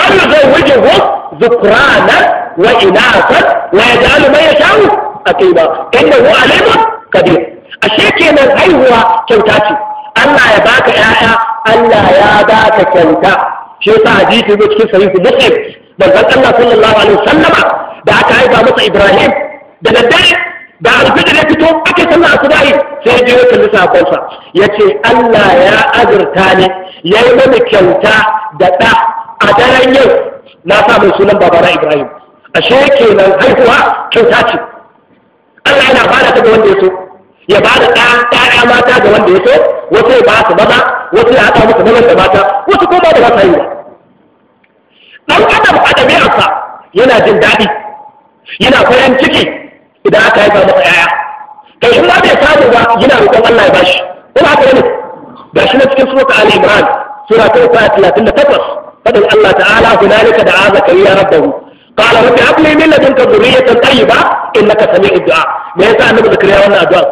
zai mai يزوجه ذكرانا وإناثا ويجعل ما يشاء أقيما إنه عليم قدير ashe kenan haihuwa kyauta ce Allah ya baka 'ya'ya. Allah ya baka kyauta shi yasa hadisi ne cikin sahihu muslim manzon Allah sallallahu alaihi wasallama da aka haifa masa Ibrahim da daddare da alfijir ya fito ake sallah asubahi sai ya je ya kalli sakonsa ce Allah ya azurta ne yi mana kyauta da ɗa a daren yau na sa mai sunan babana ibrahim ashe kenan haihuwa kyauta ce allah yana ba ta ga wanda ya so ya ba da ɗaya mata ga wanda ya so wasu ya ba su maza wasu ya haɗa musu mazan da mata wasu ko ba da masa yi ba ɗan adam a yana jin daɗi yana farin ciki idan aka haifa masa yaya. kai in ma bai samu ba yana roƙon Allah ya bashi ko ba haka ne shi na cikin sura Ali Imran sura ta takwas. fadin Allah ta'ala hunalika da zakariya rabbahu قال رب هب لي ya لدنك ذرية طيبة إنك سميع addu'a. me yasa annabi zakariya wannan addu'a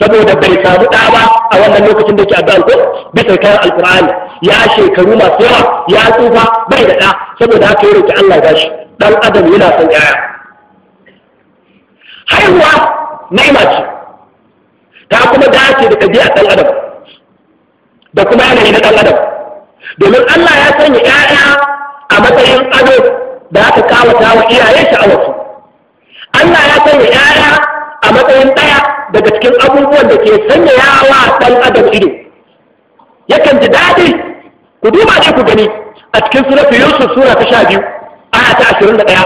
saboda bai samu da ba a wannan lokacin da yake addu'a ko bisa kayan alqur'ani ya shekaru masu yawa ya tsufa bai da ɗa saboda haka ya roki Allah gashi dan Ɗan'adam yana son yaya haihuwa ni'ima ce ta kuma dace da ɗabi'a a adam da kuma yanayi na ɗan'adam. domin Allah ya sanya 'ya'ya a matsayin ado da aka kawata wa iyaye sha'awarsu Allah ya sanya 'ya'ya a matsayin ɗaya daga cikin abubuwan da ke sanya yawa ɗan adam ido yakan ji daɗi ku duba ne ku gani a cikin suratu yusuf sura ta sha biyu aya ta ashirin da ɗaya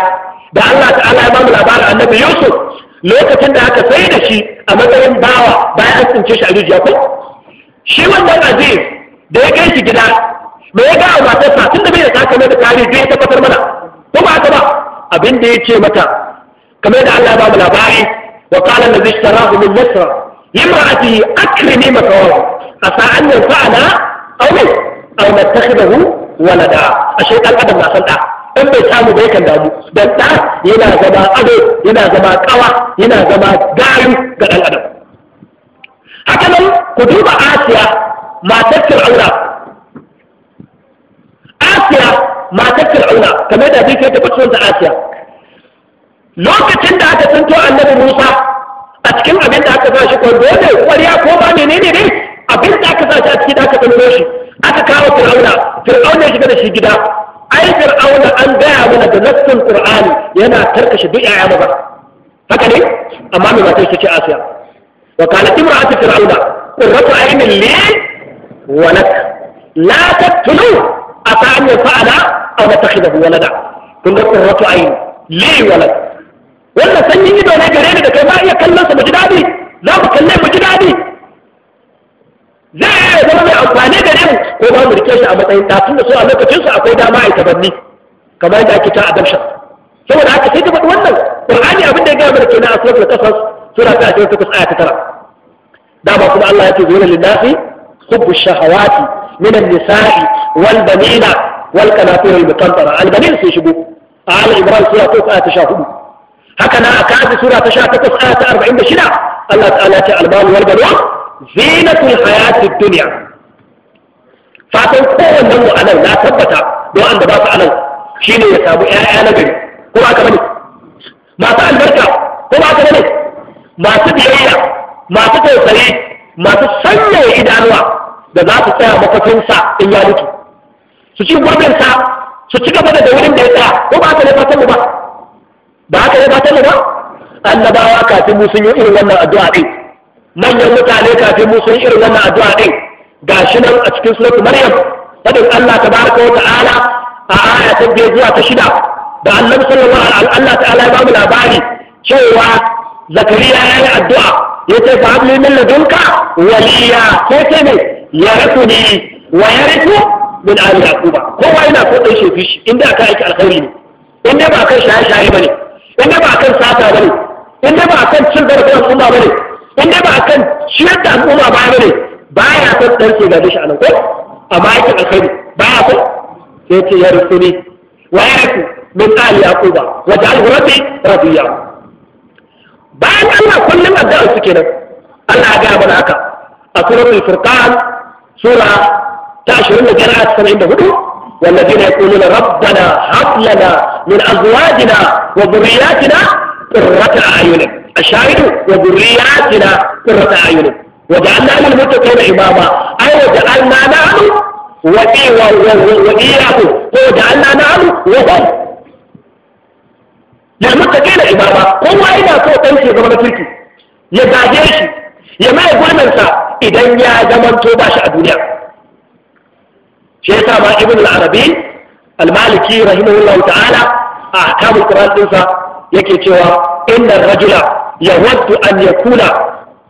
da Allah ta'ala ya labarin annabi yusuf lokacin da aka sai da shi a matsayin bawa bayan an tsince shi a rijiya ko shi wannan aziz da ya gaishe gida me ya ga matarsa tun da bai da taka mai da kare zai tabbatar mana ko ba haka ba abin da ya ce mata kamar da Allah ya ba mu labari wa qala allazi ishtarahu min misr limra'atihi akrimi makawa asa an yanfa'ana aw min aw nattakhidahu walada ashe dan adam na san da dan bai samu bai kan damu dan da yana zama ado yana zama kawa yana zama gayu ga dan adam haka nan ku duba asiya matar fir'auna matar fir'auna kamar da zai kai ta bacci da asiya lokacin da aka tsinto annabi musa a cikin abin da aka sa shi kwando ne kwariya ko ba menene ne abin da aka sa shi a cikin aka tsinto shi aka kawo fir'auna fir'auna ya shiga da shi gida ai fir'auna an gaya mana da nassin qur'ani yana tarkashe duk yaya maza haka ne amma mai matar shi ce asiya wa kana imra'atu fir'auna qurratu aynin li wa lak la taqtulu asa an yafa'ala an tattakhidahu walada kun ga qurratu ayn li walad wannan sanyin ido ne gare ni da kai ma iya kallon sa mu ji dadi za mu kalle mu ji dadi zai iya zama mai amfani da mu ko ba mu rike shi a matsayin da tun da su a lokacin su akwai dama a tabanni kamar yadda ake ta adamshan saboda haka sai ta faɗi wannan ƙur'ani abinda ya gaya mana kenan a suratul sura ta 28 aya ta tara dama kuma Allah ya ce zuwa lin nasi shahawati min an والكنافير المقنطرة البنين في شبو آل عمران سورة توك آية شاهدو هكنا أكاد سورة شاهدة توك آية أربعين بشنا الله تعالى تعلمان والبنوة زينة الحياة الدنيا فاتنقوا أنه أنا لا ثبت دو أن دبات أنا شين يسابو يا أنا بي هو أكبرني ما تعلم بركة هو أكبرني ما تبيعي ما تتوصلي ما تسنى إدانوا da za su tsaya makafinsa in ya mutu su ci sa su ci gaba da wurin da ya tsaya ko ba ka ne fatan ba ba ka ne fatan mu ba annabawa kafin mu sun yi irin wannan addu'a din manyan mutane kafin mu sun yi irin wannan addu'a din gashi nan a cikin suratul maryam fadin Allah tabaraka wa ta'ala a aya ta zuwa ta shida da Allah sallallahu alaihi Allah ta'ala ya ba mu labari cewa zakariya ya yi addu'a ya ce fa habli min ladunka waliya sai ce ne ya rasu ni wa ya min ali yaquba kowa yana so dan shefi shi inda aka aiki alkhairi ne in dai ba kan shaye shaye bane in dai ba kan sata bane in dai ba kan cin zarafin al'umma bane in dai ba kan ciyar da al'umma ba bane baya son dan ke gabe shi anan ko amma yake alkhairi baya son sai ce ya rusuli wa yaku min ali yaquba wa ja'alhu rabbi radiya bayan Allah kullum addu'a suke nan, Allah ya ga mana haka a suratul furqan sura تعشرون قراءة سبعين بهدو والذين يقولون ربنا هب لنا من أزواجنا وذرياتنا قرة أعين الشاهد وذرياتنا قرة أعين وجعلنا للمتقين إماما أي وجعلنا نعم وإياكم وجعلنا نعم وهم للمتقين إماما هو أين أتوقع تنسي زمن تركي ya gaje shi ya mai gwaninsa idan ya zamanto ba shi a duniya shi yasa ma ibn al-arabi al-maliki rahimahullahu ta'ala a ahkamul qur'an dinsa yake cewa inna ar-rajula yawaddu an yakuna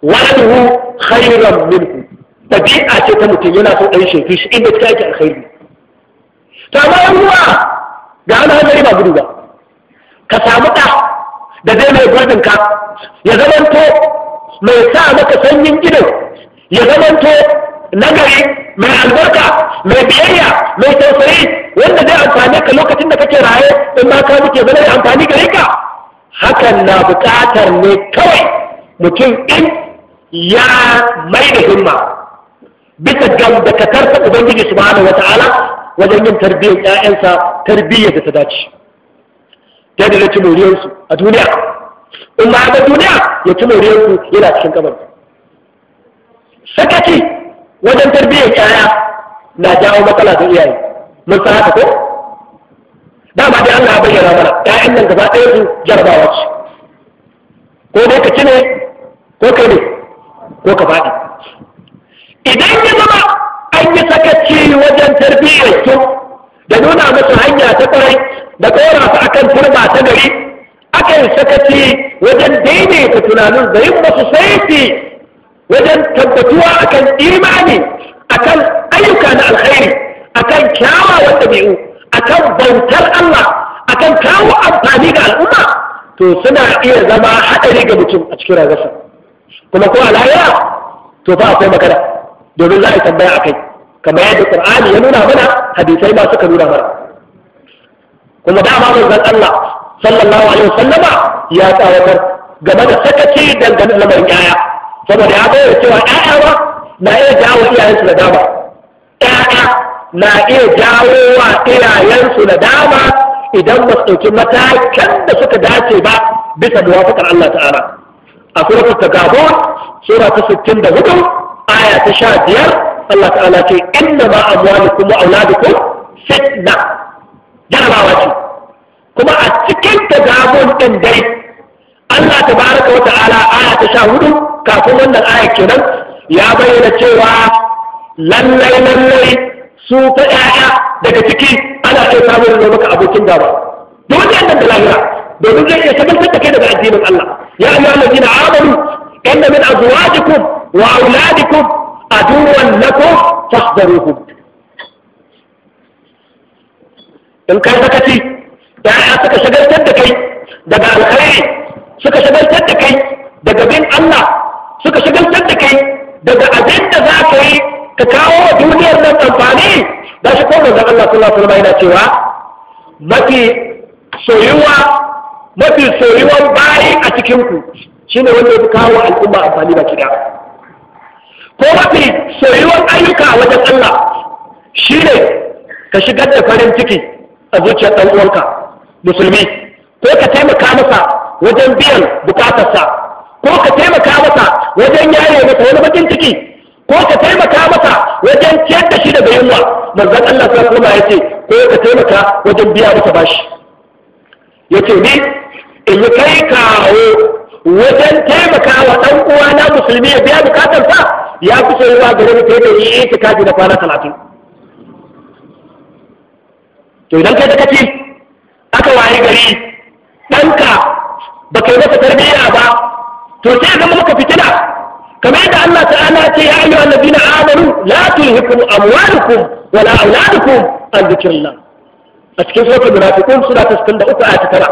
waladuhu khayran minhu tabi'a ce ta mutum yana so ɗan shefi shi inda ta yake alkhairi to amma yan uwa ga ana hanzari ba gudu ba ka samu ɗa da zai mai gurbin ka ya zamanto mai sa maka sanyin gidan, ya zamanto nagari mai albarka mai biyayya mai tausayi wanda zai amfani ka lokacin da kake raye in ba ka muke zama da amfani gare ka hakan na buƙatar ne kawai mutum in ya mai da himma bisa gamdakatar ta ubangiji subhanahu wata'ala wajen yin tarbiyyar 'ya'yansa tarbiyyar da ta dace ta da ci moriyarsu a duniya in ba ga duniya ya ci moriyarsu yana cikin kamar sakaci wajen tarbiyyar yaya na jawo matsala ga iyaye mun san haka ko dama dai Allah ya bayyana mana ƴaƴan nan gaba ɗaya su jarabawa ce ko dai ka kine ko kai ne ko ka faɗi idan ya zama an yi sakaci wajen tarbiyyar su da nuna musu hanya ta ƙwarai, da ƙora su akan turba ta gari akan sakaci wajen daidaita tunanin da yin musu saiti wajen tabbatuwa akan imani akan ayyuka na alkhairi akan kyawawan ɗabi'u akan bautar Allah akan kawo amfani ga al'umma to suna iya zama haɗari ga mutum a cikin rayuwarsa kuma ko alhaya to ba akwai magana domin za a yi tambaya kai kamar yadda qur'ani ya nuna mana hadisai ma suka nuna mana kuma dama manzon Allah sallallahu alaihi wasallama ya tsawatar game da sakaci dangane da lamarin yaya saboda ya bayar cewa ɗaya ba na iya jawo iyayensu da dama 'ƴa'ƴa na iya jawo wa iyayensu na dama idan ba su ɗauki matakan da suka dace ba bisa muwafaqar Allah ta'ala a suratul tagabun sura ta 64 aya ta 15 Allah ta'ala ce inna ma amwalukum wa auladukum fitna jarabawa ce kuma a cikin tagabun ɗin dai Allah tabaraka wa ta'ala aya ta 14 kafin wannan aya kenan ya bayyana cewa lallai lallai su ta ƴaƴa daga ciki ana iya samun da maka abokin gaba Domin wani da lahira domin zai iya sabantar da kai daga addinin Allah ya ayyuha allazina amanu inna min azwajikum wa auladikum aduwwan lakum fahdharuhum in kai sakaci ƴaƴa suka shagaltar da kai daga alkhairi suka shagaltar da kai daga bin Allah suka shigar da daga abin da za ka yi ka kawo wa duniyar nan amfani da shi ko manzon Allah sallallahu alaihi yana cewa mafi soyuwa mafi soyuwan bayi a cikin ku shine wanda ya kawo al'umma amfani ba kida ko mafi soyuwan ayyuka wajen Allah shine ka shigar da farin ciki a zuciyar ɗan uwanka musulmi ko ka taimaka masa wajen biyan bukatarsa ko ka taimaka masa wajen yare masa wani bakin ciki ko ka taimaka masa wajen ciyar da shi daga yunwa manzon Allah sallallahu alaihi ya ce ko ka taimaka wajen biya masa bashi yace ni in yi kai kawo wajen taimaka wa dan uwana musulmi ya biya bukatarsa ya fi soyuwa gare ni kai da yi itikafi da kwana talatin to idan kai da kake aka waye gari ɗanka ba kai masa tarbiyya ba to sai zama maka fitina kamar yadda Allah ta'ala ce ya ayyuha allazina amanu la tulhikum amwalukum wala auladukum an dhikrillah a cikin suratul munafiqun sura ta 63 aya ta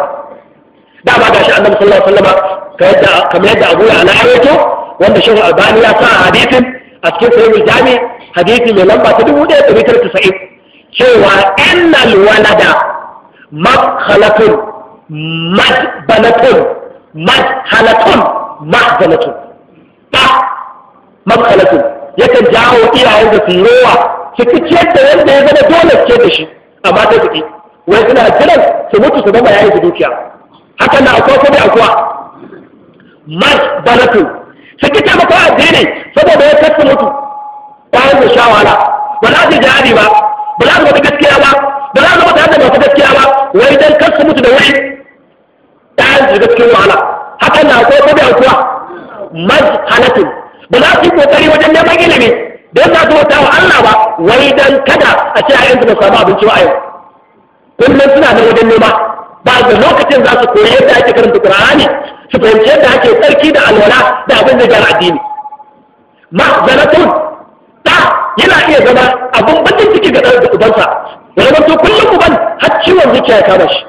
Da ba gashi annabi sallallahu alaihi wasallam kamar yadda Abu Ya'la ayato wanda shehu Albani ya sa hadisin a cikin sahihul jami hadisi mai lamba ta 1990 cewa annal walada madkhalatun madbanatun madhalatun makhalatu ta makhalatu yakan jawo iyayen da su rowa su kice da yadda ya zama dole ce da shi amma ta suke wai suna jiran su mutu su zama yayin su dukiya haka na akwai kuma akwai makhalatu su kice maka addini saboda ya kasu mutu bayan da shawara ba za su jari ba ba za su wata gaskiya ba ba za su wata hada masu gaskiya ba wai dan kasu mutu da wuri ta yanzu gaskiyar wahala matsala ko gudansuwa mazhalatin ba za su yi kokari wajen neman ilimi don za su wata wa Allah ba wai dan kada a ce yanzu ba samu abinci wa a yau kullum suna nan wajen nema ba da lokacin za su koyi yadda ake karanta Qur'ani su fahimci yadda ake tsarki da alwala da abin da gyara addini mahzalatun ta yana iya zama abin bakin ciki ga ɗan ubansa ya zama kullum uban har ciwon zuciya ya kama shi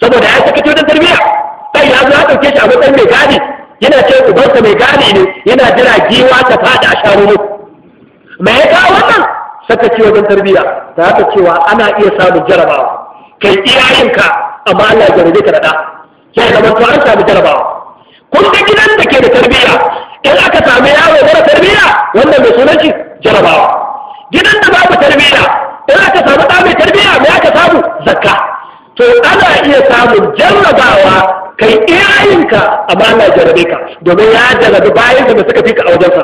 saboda ya sakato da tarbiyya kai ya zo ya shi a matsayin mai gadi yana ce ubansa mai gadi ne yana jira giwa ta faɗi a shanu me ya kawo wannan ciwo don tarbiyya ta haka cewa ana iya samun jarabawa kai iyayenka amma Allah ya jarabe ka da sai zama to an samu jarabawa kun ga gidan da ke da tarbiyya in aka samu yaro mara tarbiyya wannan mai sunan shi jarabawa gidan da babu tarbiyya in aka samu ɗa mai tarbiyya me aka samu zakka to ana iya samun jarrabawa kai iyayenka amma na jarabe ka domin ya jarabe bayan da suka fi ka a wajensa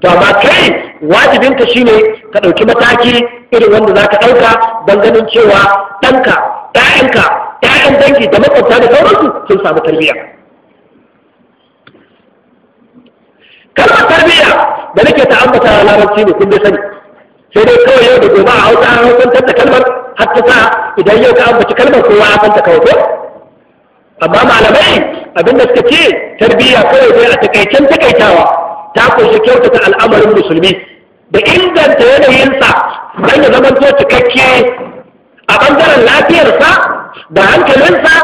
to amma kai wajibinka shine ka ɗauki mataki irin wanda za ka ɗauka don ganin cewa ɗanka ɗayanka ɗayan dangi da makwabta da sauransu sun samu tarbiyya kalmar tarbiyya da nake ta ambata a larabci ne kun bai sani sai dai kawai yau da gobe a hausa an hausantar da kalmar har ta sa idan yau ka ambaci kalmar kowa a san ta kawai ko amma malamai abinda suka ce tarbiyya kawai sai a takaicen takaitawa ta kunshi kyautata al'amarin musulmi da inganta yanayinsa don ya zamanto cikakke a ɓangaren lafiyarsa da hankalinsa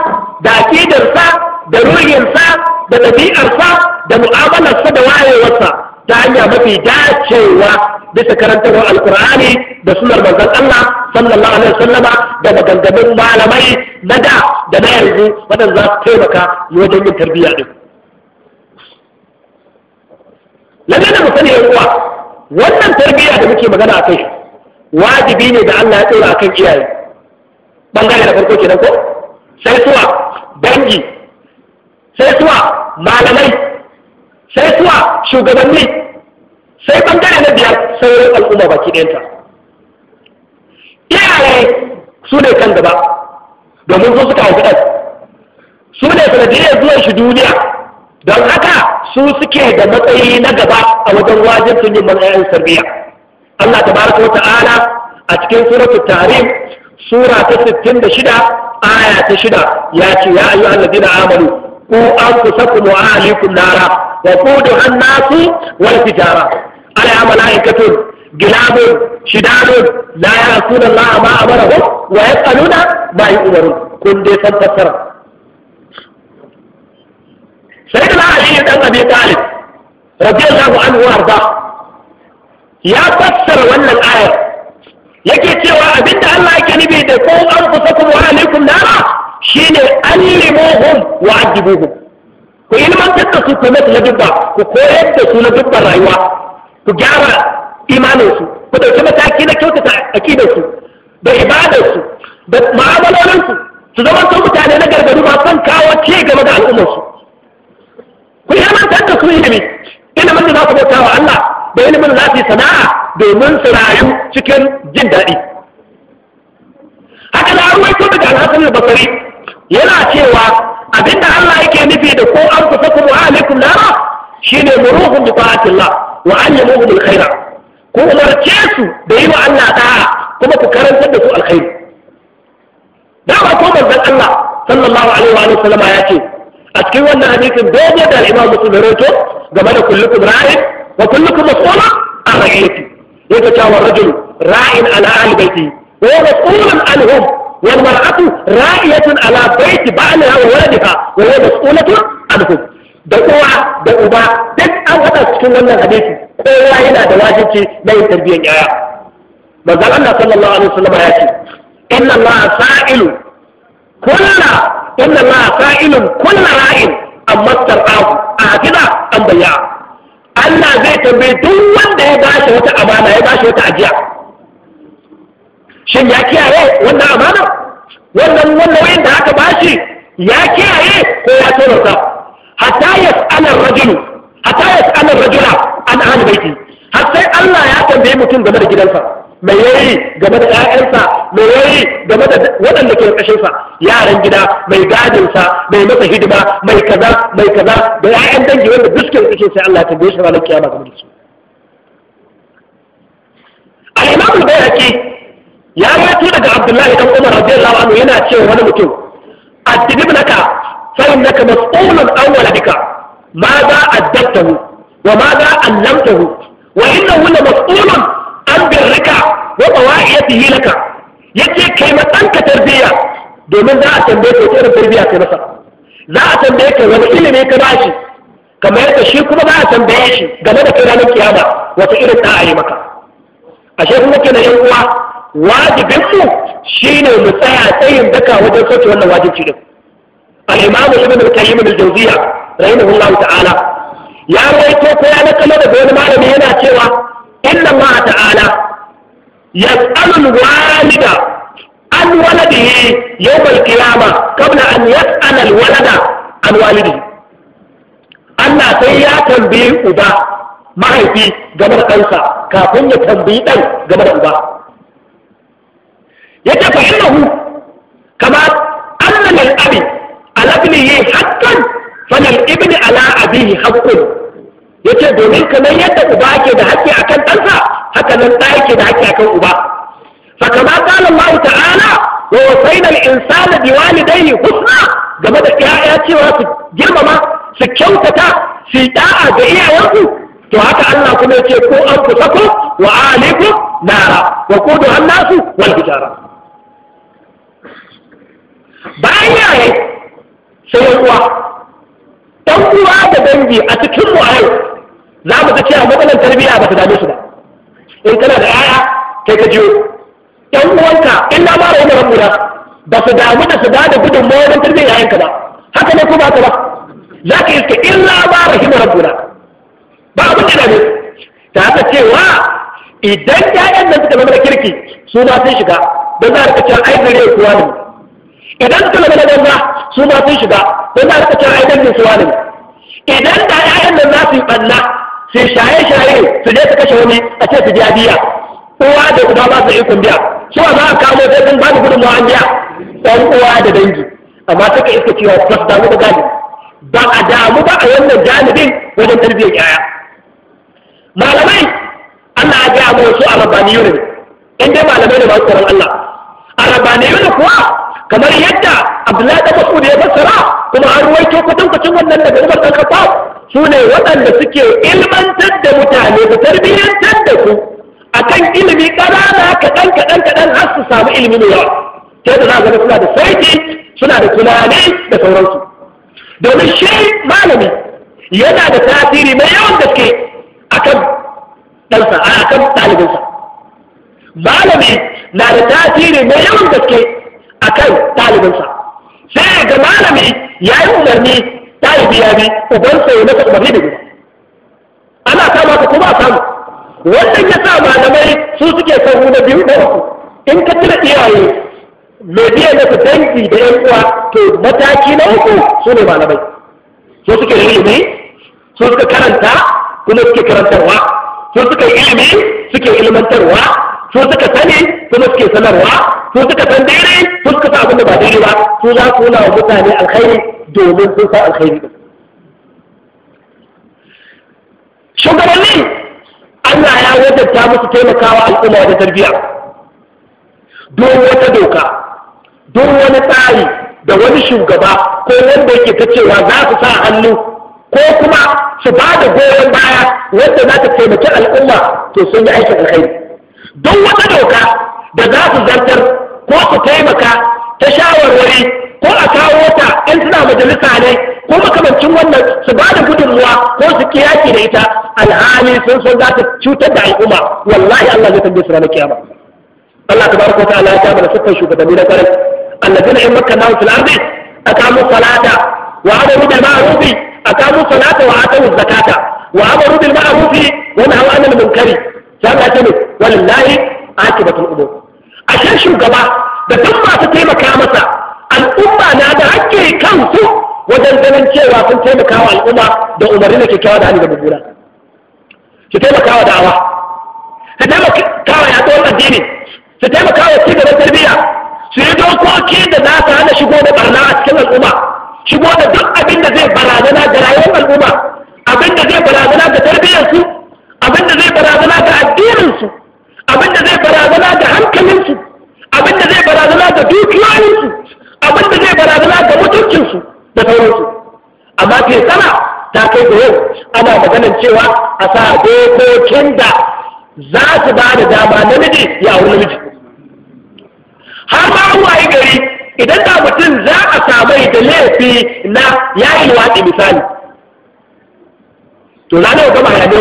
da akidarsa da ruhinsa da ɗabi'arsa da mu'amalarsa da wayewarsa ta hanya mafi dacewa bisa karantarwar alkur'ani da sunar manzon Allah sallallahu alaihi wasallama da maganganun malamai na da da na yanzu wadanda za su taimaka wajen yin tarbiyya din lalle da mu sani uwa wannan tarbiyya da muke magana akai wajibi ne da Allah ya tsora akan iyaye bangare da farko kenan ko sai suwa dangi sai suwa malamai sai suwa shugabanni sai bangare na biyar sauran al'umma baki ɗayanta iyaye su ne kan gaba domin su suka haifi ɗan su ne sanadiyyar zuwan shi duniya don haka su suke da matsayi na gaba a wajen wajen yin matsayin sarbiya Allah baraka wa ta'ala a cikin suratu tarim sura ta 66 aya ta 6 ya ce ya ayyuhal ladina amanu ku anfusakum wa ahlikum nara wa quduha an-nasu wal tijara على ملائكة جلاب شداد لا يعصون الله ما أمرهم ويفعلون ما يؤمرون كن دي فسر سيدنا علي بن أبي طالب رضي الله عنه وأرضاه ya fassara wannan ayar yake cewa abinda Allah yake nufi da ko an kusa kuma wa alaikum nara shine allimuhum wa adibuhum ku ilmantar da su mata na dubba ku koyar da su na dubban rayuwa ku gyara imaninsu ku ɗauki mataki na kyautata akidarsu da ibadarsu da ma'amalolinsu su zama sun mutane na gargaru ba son kawo ce game da al'ummarsu ku yi manta da su ilimi ilimin da za ku bauta wa Allah da ilimin da za su yi sana'a domin su rayu cikin jin daɗi haka da ruwai ko daga alhassan basari yana cewa abinda Allah yake nufi da ko an kusa kuma alaikum lara shine muruhun bi ta'atillah wa allimuhum alkhaira ku umarce su da yi wa Allah da'a kuma ku karantar da su alkhairi dama ko manzon Allah sallallahu alaihi wa sallama ya ce a cikin wannan hadisin dogo da al-Imam Muslim game da kullukum ra'in wa kullukum mas'ulun an ra'iyati yake cewa rajul ra'in ala ahli baiti wa mas'ulun anhum wal mar'atu ra'iyatun ala baiti ba'liha wa waladiha wa mas'ulatun anhum da uwa da uba A cikin wannan hadisi kowa yana da wajibi na yin tarbiyyar yaya manzo Allah sallallahu alaihi wasallam ya ce inna Allah sa'ilu kulla inna Allah sa'ilu kulla ra'in amma tar'ahu a hafiza an bayya Allah zai tambaye duk wanda ya bashi wata amana ya bashi wata ajiya shin ya kiyaye wannan amana wannan wannan wanda da aka bashi ya kiyaye ko ya tsorata hatta yas'ala ar-rajulu hatta ya tsanar rajula an ahli baiti har sai Allah ya tambayi mutum game da gidansa mai yayi game da ƴaƴansa mai yayi game da waɗanda ke kashin sa yaran gida mai gadin sa mai masa hidima mai kaza mai kaza da ƴaƴan dangi wanda dukkan suke sai Allah ya tambaye shi ranar kiyama game da su al-Imam al ya rawaito daga Abdullahi dan Umar radiyallahu anhu yana cewa wani mutum naka fa innaka mas'ulun awwala duka. Maza za addabtahu wa ma za allamtahu wa innahu la mas'ulun an birrika wa kai tarbiyya domin za a tambaye ka irin tarbiyya kai masa za a tambaye ka wani ilimi ka bashi kamar yadda shi kuma za a tambaye shi game da kai ranar kiyama wata irin da'a yi maka shekaru kuma na yan uwa wajibin mu shine mu tsaya tsayin daka wajen sauke wannan wajibi din al-imamu ibn al-qayyim al-jawziyya rahimahullahu ta'ala ya rawaito ko ya nakalo da wani malami yana cewa inna Allah ta'ala yas'alu walida an waladihi yawm al-qiyamah qabla an yas'ala tambayi uba mahaifi game kafin ya tambayi ɗan game da uba ya ce kama abi falal ibni ala abihi haqqun yace domin kamar yadda uba yake da haƙƙi akan ɗansa haka nan ɗa yake da haƙƙi akan uba fa kama qala Allah ta'ala wa wasaina al-insana biwalidayhi husna game da ƴaƴa cewa su girmama su kyautata su da'a ga iyayensu to haka Allah kuma yace ko an kusa ko wa alikum nara wa kudu annasu wal hijara bayan yayi sai uwa yan uwa da dangi a cikin mu a yau za mu ga cewa matsalar tarbiyya ba ta dame su ba in kana da yaya kai ka jiyo yan uwanka in na mara wani rabu ba su damu da su ba da gudunmawar don tarbiyyar ba haka ne ku ba ka ba za ka iske in na mara himar rabu ba abin da dame ta haka cewa idan yayan nan suka zama da kirki su ma sun shiga don za a rika cewa ai gare kuwa ne idan suka zama banza su ma sun shiga don za su cewa aidan bin suwa wani idan da ƴaƴan nan za su yi ɓanna su shaye shaye su je su kashe wani a ce su biya biya uwa da uba ba su yi kun biya ma za a kawo sai sun ba da gudun mawa biya ɗan uwa da dangi amma suka iska cewa ba su damu da gani ba a damu ba a wannan jami'in wajen tarbiyyar ƴaƴa malamai ana ya gaya mu su a rabbaniyun in dai malamai da ba su tsaron Allah a rabbaniyun kuwa kamar yadda abdullahi da mas'ud ya fassara kuma an ruwaito kudin kucin wannan daga umar dan khattab su ne waɗanda suke ilmantar da mutane da tarbiyyantar da su akan ilimi ƙanana kaɗan kaɗan kaɗan har su samu ilimi mai yawa sai da za ga suna da saiti suna da tunani da sauransu domin shi malami yana da tasiri mai yawan gaske akan ɗansa a kan ɗalibinsa malami na da tasiri mai yawan gaske a kan ɗalibinsa sai ga malami ya yi umarni ɗalibi ya bi ubansa ya masa umarni da gida ana ta ka kuma a samu wannan ya sa malamai su suke sauru na biyu da uku in ka tuna iyaye mai biya masa dangi da yan uwa to mataki na uku su ne malamai su suke ilimi su suka karanta kuma suke karantarwa su suka yi ilimi suke ilmantarwa su suka sani su suke sanarwa su suka san daidai su suka sa abin da ba daidai ba su za su nuna wa mutane alkhairi domin sun sa alkhairi ba. shugabanni Allah ya wajabta musu taimakawa al'umma wajen tarbiyya don wata doka don wani tsari da wani shugaba ko wanda yake ta cewa za su sa hannu ko kuma su ba da goyon baya wanda za ta taimaki al'umma to sun yi aikin alkhairi don wata doka da za su zartar ko su taimaka ta shawarwari ko a kawo ta in suna majalisa ne ko makamancin wannan su ba da gudunmuwa ko su kiyaki da ita alhali sun san za ta cutar da al'umma wallahi Allah zai tambaye su ranar kiyama Allah tabaraka wa ta'ala ya kama da sukan shugabanni na na kwarai الذين إن مكناهم في الأرض أقاموا الصلاة وأمروا بالمعروف أقاموا الصلاة وآتوا الزكاة وأمروا بالمعروف ونهوا عن المنكر كما تنو walillahi akibatul umur ashe shugaba da duk masu taimaka masa al'umma na da hakki kansu wajen ganin cewa sun taimaka wa al'umma da umarni na kyakkyawa da hali da mummuna su taimaka wa da'awa su taimaka wa yaɗuwar addini su taimaka wa ci gaban tarbiyya su yi dokoki da za su hana shigo da barna a cikin al'umma shigo da duk abin da zai barazana ga rayuwar al'umma abin da zai barazana ga tarbiyyarsu abin da zai barazana ga addininsu abinda zai barazana da hankalinsu abinda zai barazana da dukiyoyinsu abinda zai barazana da mutuncinsu da sauransu amma ke sana ta kai da yau ana maganar cewa a sa dokokin da za su ba da dama namiji ya wuri namiji har ma waye gari idan da mutum za a samu da laifi na yayi watsi misali to ranar gama ya ne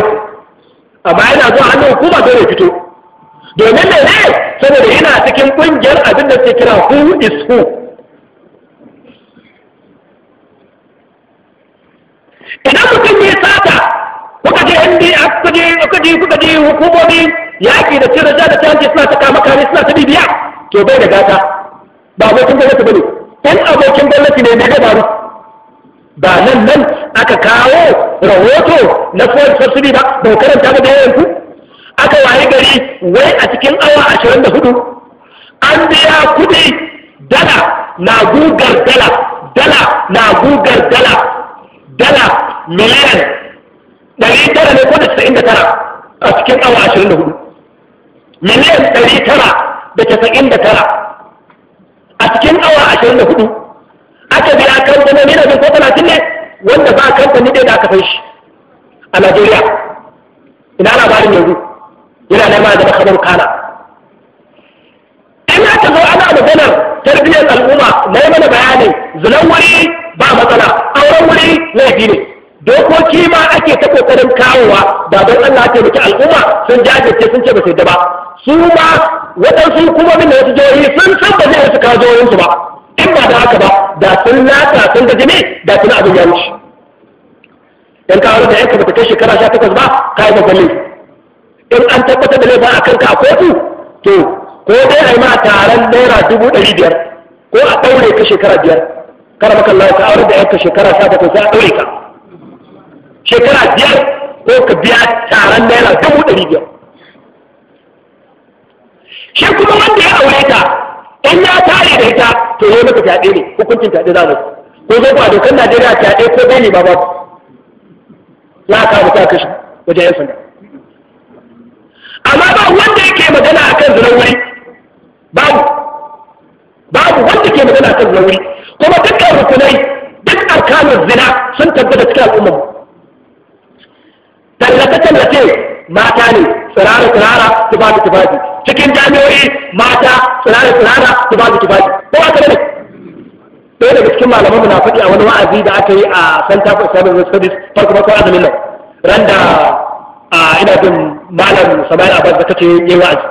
amma yana zuwa hannun hukuma zai fito domin da ne saboda yana cikin ƙungiyar abin da ke kira who is who idan mutum ya sata kuka je NDA kuka je kuka je kuka je hukumomi yaƙi da cin raja da canji suna ta kama kare suna ta bibiya to bai da gata ba abokin gwamnati bane ɗan abokin gwamnati ne mai dabaru ba nan nan aka kawo rahoto na fuwar subsidy ba ba karanta ba da yawan ku aka waye gari wai a cikin awa ashirin da hudu an biya kudi dala na gugar dala dala na gugar dala dala miliyan ɗari tara ne ko da casa'in da tara a cikin awa ashirin da hudu miliyan ɗari tara da casa'in da tara a cikin awa ashirin da hudu aka biya kamfanoni na ko talatin ne wanda ba kamfani ɗaya da aka san shi a najeriya ina labarin yanzu yana da ma zama kamar kana Ina ta zo ana magana tarbiyyar al'umma mai mana bayani zulan wuri ba matsala auren wuri laifi ne dokoki ma ake ta kokarin kawowa ba don Allah ce miki al'umma sun jajirce sun ce ba su ba su ma waɗansu min da wasu jihohi sun san ba zai su kawo jihohinsu ba in ba da haka ba da sun lata sun gaji jini da sun abin ya wuce in ka da yanka ba ta kai shekara sha takwas ba ka yi babban in an tabbatar da laifin a ka a kotu to ko dai a yi ma taron naira dubu ɗari biyar ko a ɗaure ka shekara biyar kar maka Allah ka aure da yanka shekara sha bakwai sai a ɗaure ka shekara biyar ko ka biya taron naira dubu ɗari biyar shi kuma wanda ya aure ta in ya tare da ita to ne maka fyaɗe ne hukuncin fyaɗe za mu ko zo ba dokan Najeriya fyaɗe ko bai ne ba ba ya kawo ta kashi wajen yan sanda amma ba wanda yake magana a kan zinan wuri babu babu wanda ke magana kan zinan wuri kuma dukkan rukunai duk arkanin zina sun tabbata cikin al'ummar tallace tallace mata ne tsirara tsirara tufafi tufafi cikin jami'o'i mata tsirara tsirara tufafi tufafi ko ba ne ɗaya daga cikin malaman munafiki a wani wa'azi da aka yi a Center for Islamic Studies farko farko azumin nan ran da ina jin malam sabai Abbas da kace yayi wa'azi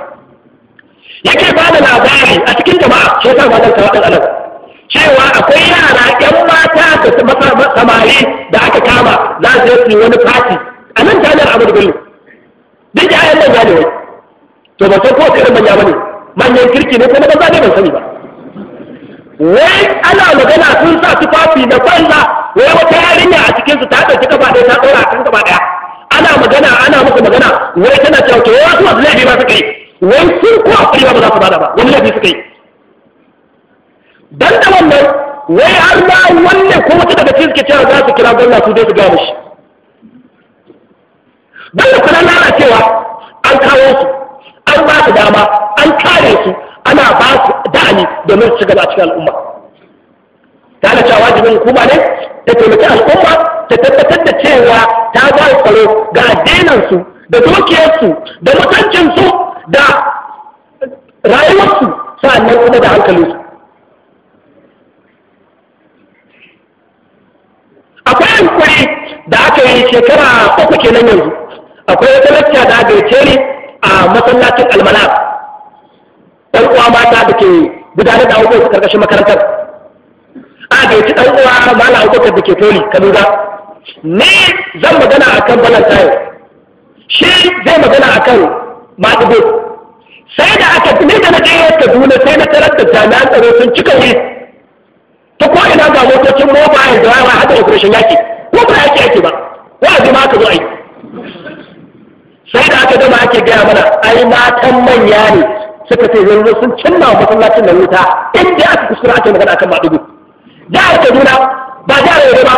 yake ba da labari a cikin jama'a sai ta malam ta wadan Allah cewa akwai yara yan mata da samari da aka kama za su yi wani fati a nan jami'ar da Bello duk da ayyukan nan gane wai to ba sai ko irin manya bane manyan kirki ne kuma ba zai ban sani ba wai ana magana sun sa tufafi na kwanza wai wata yarinya a cikin su ta ɗauki kafa ɗaya ta ɗora a kan gaba ɗaya ana magana ana muku magana wai tana cewa to wasu masu laifi ba suka yi wai sun ko akwai ba za su bada ba wani laifi suka yi dan da wannan wai har ma wannan ko wata daga cikin suke cewa za su kira gwamna su dai su gane shi dan da kuna cewa an kawo su an ba su dama an kare su ana ba su da'ani domin su shiga a cikin al'umma ta cewa wajibin hukuma ne ta taimaki al'umma ta tabbatar da cewa ta ba tsaro ga addinansu da dukiyarsu da mutuncinsu da rayuwarsu sa'annan kuma da hankalinsu akwai hankuri da aka yi shekara uku kenan yanzu akwai wata lakta da aka yi a masallacin almana ɗan uwa mata da ke gudanar da abubuwan karkashin makarantar a ga ci dan uwa mala abubakar da ke toli ka duba ni zan magana akan valentine shi zai magana akan maɗigo sai da aka fi da na ɗaya kaduna sai na tarar da jami'an tsaro sun cika wuri ta ko ina ga motocin mobile da yawa haka operation yaki ko ba yaki yaki ba a ma maka zo aiki sai da aka gama ake gaya mana ai matan manya ne suka ce yanzu sun cinna masallacin da wuta inda aka kuskura ake magana akan maɗigo jihar kaduna ba jihar yau ba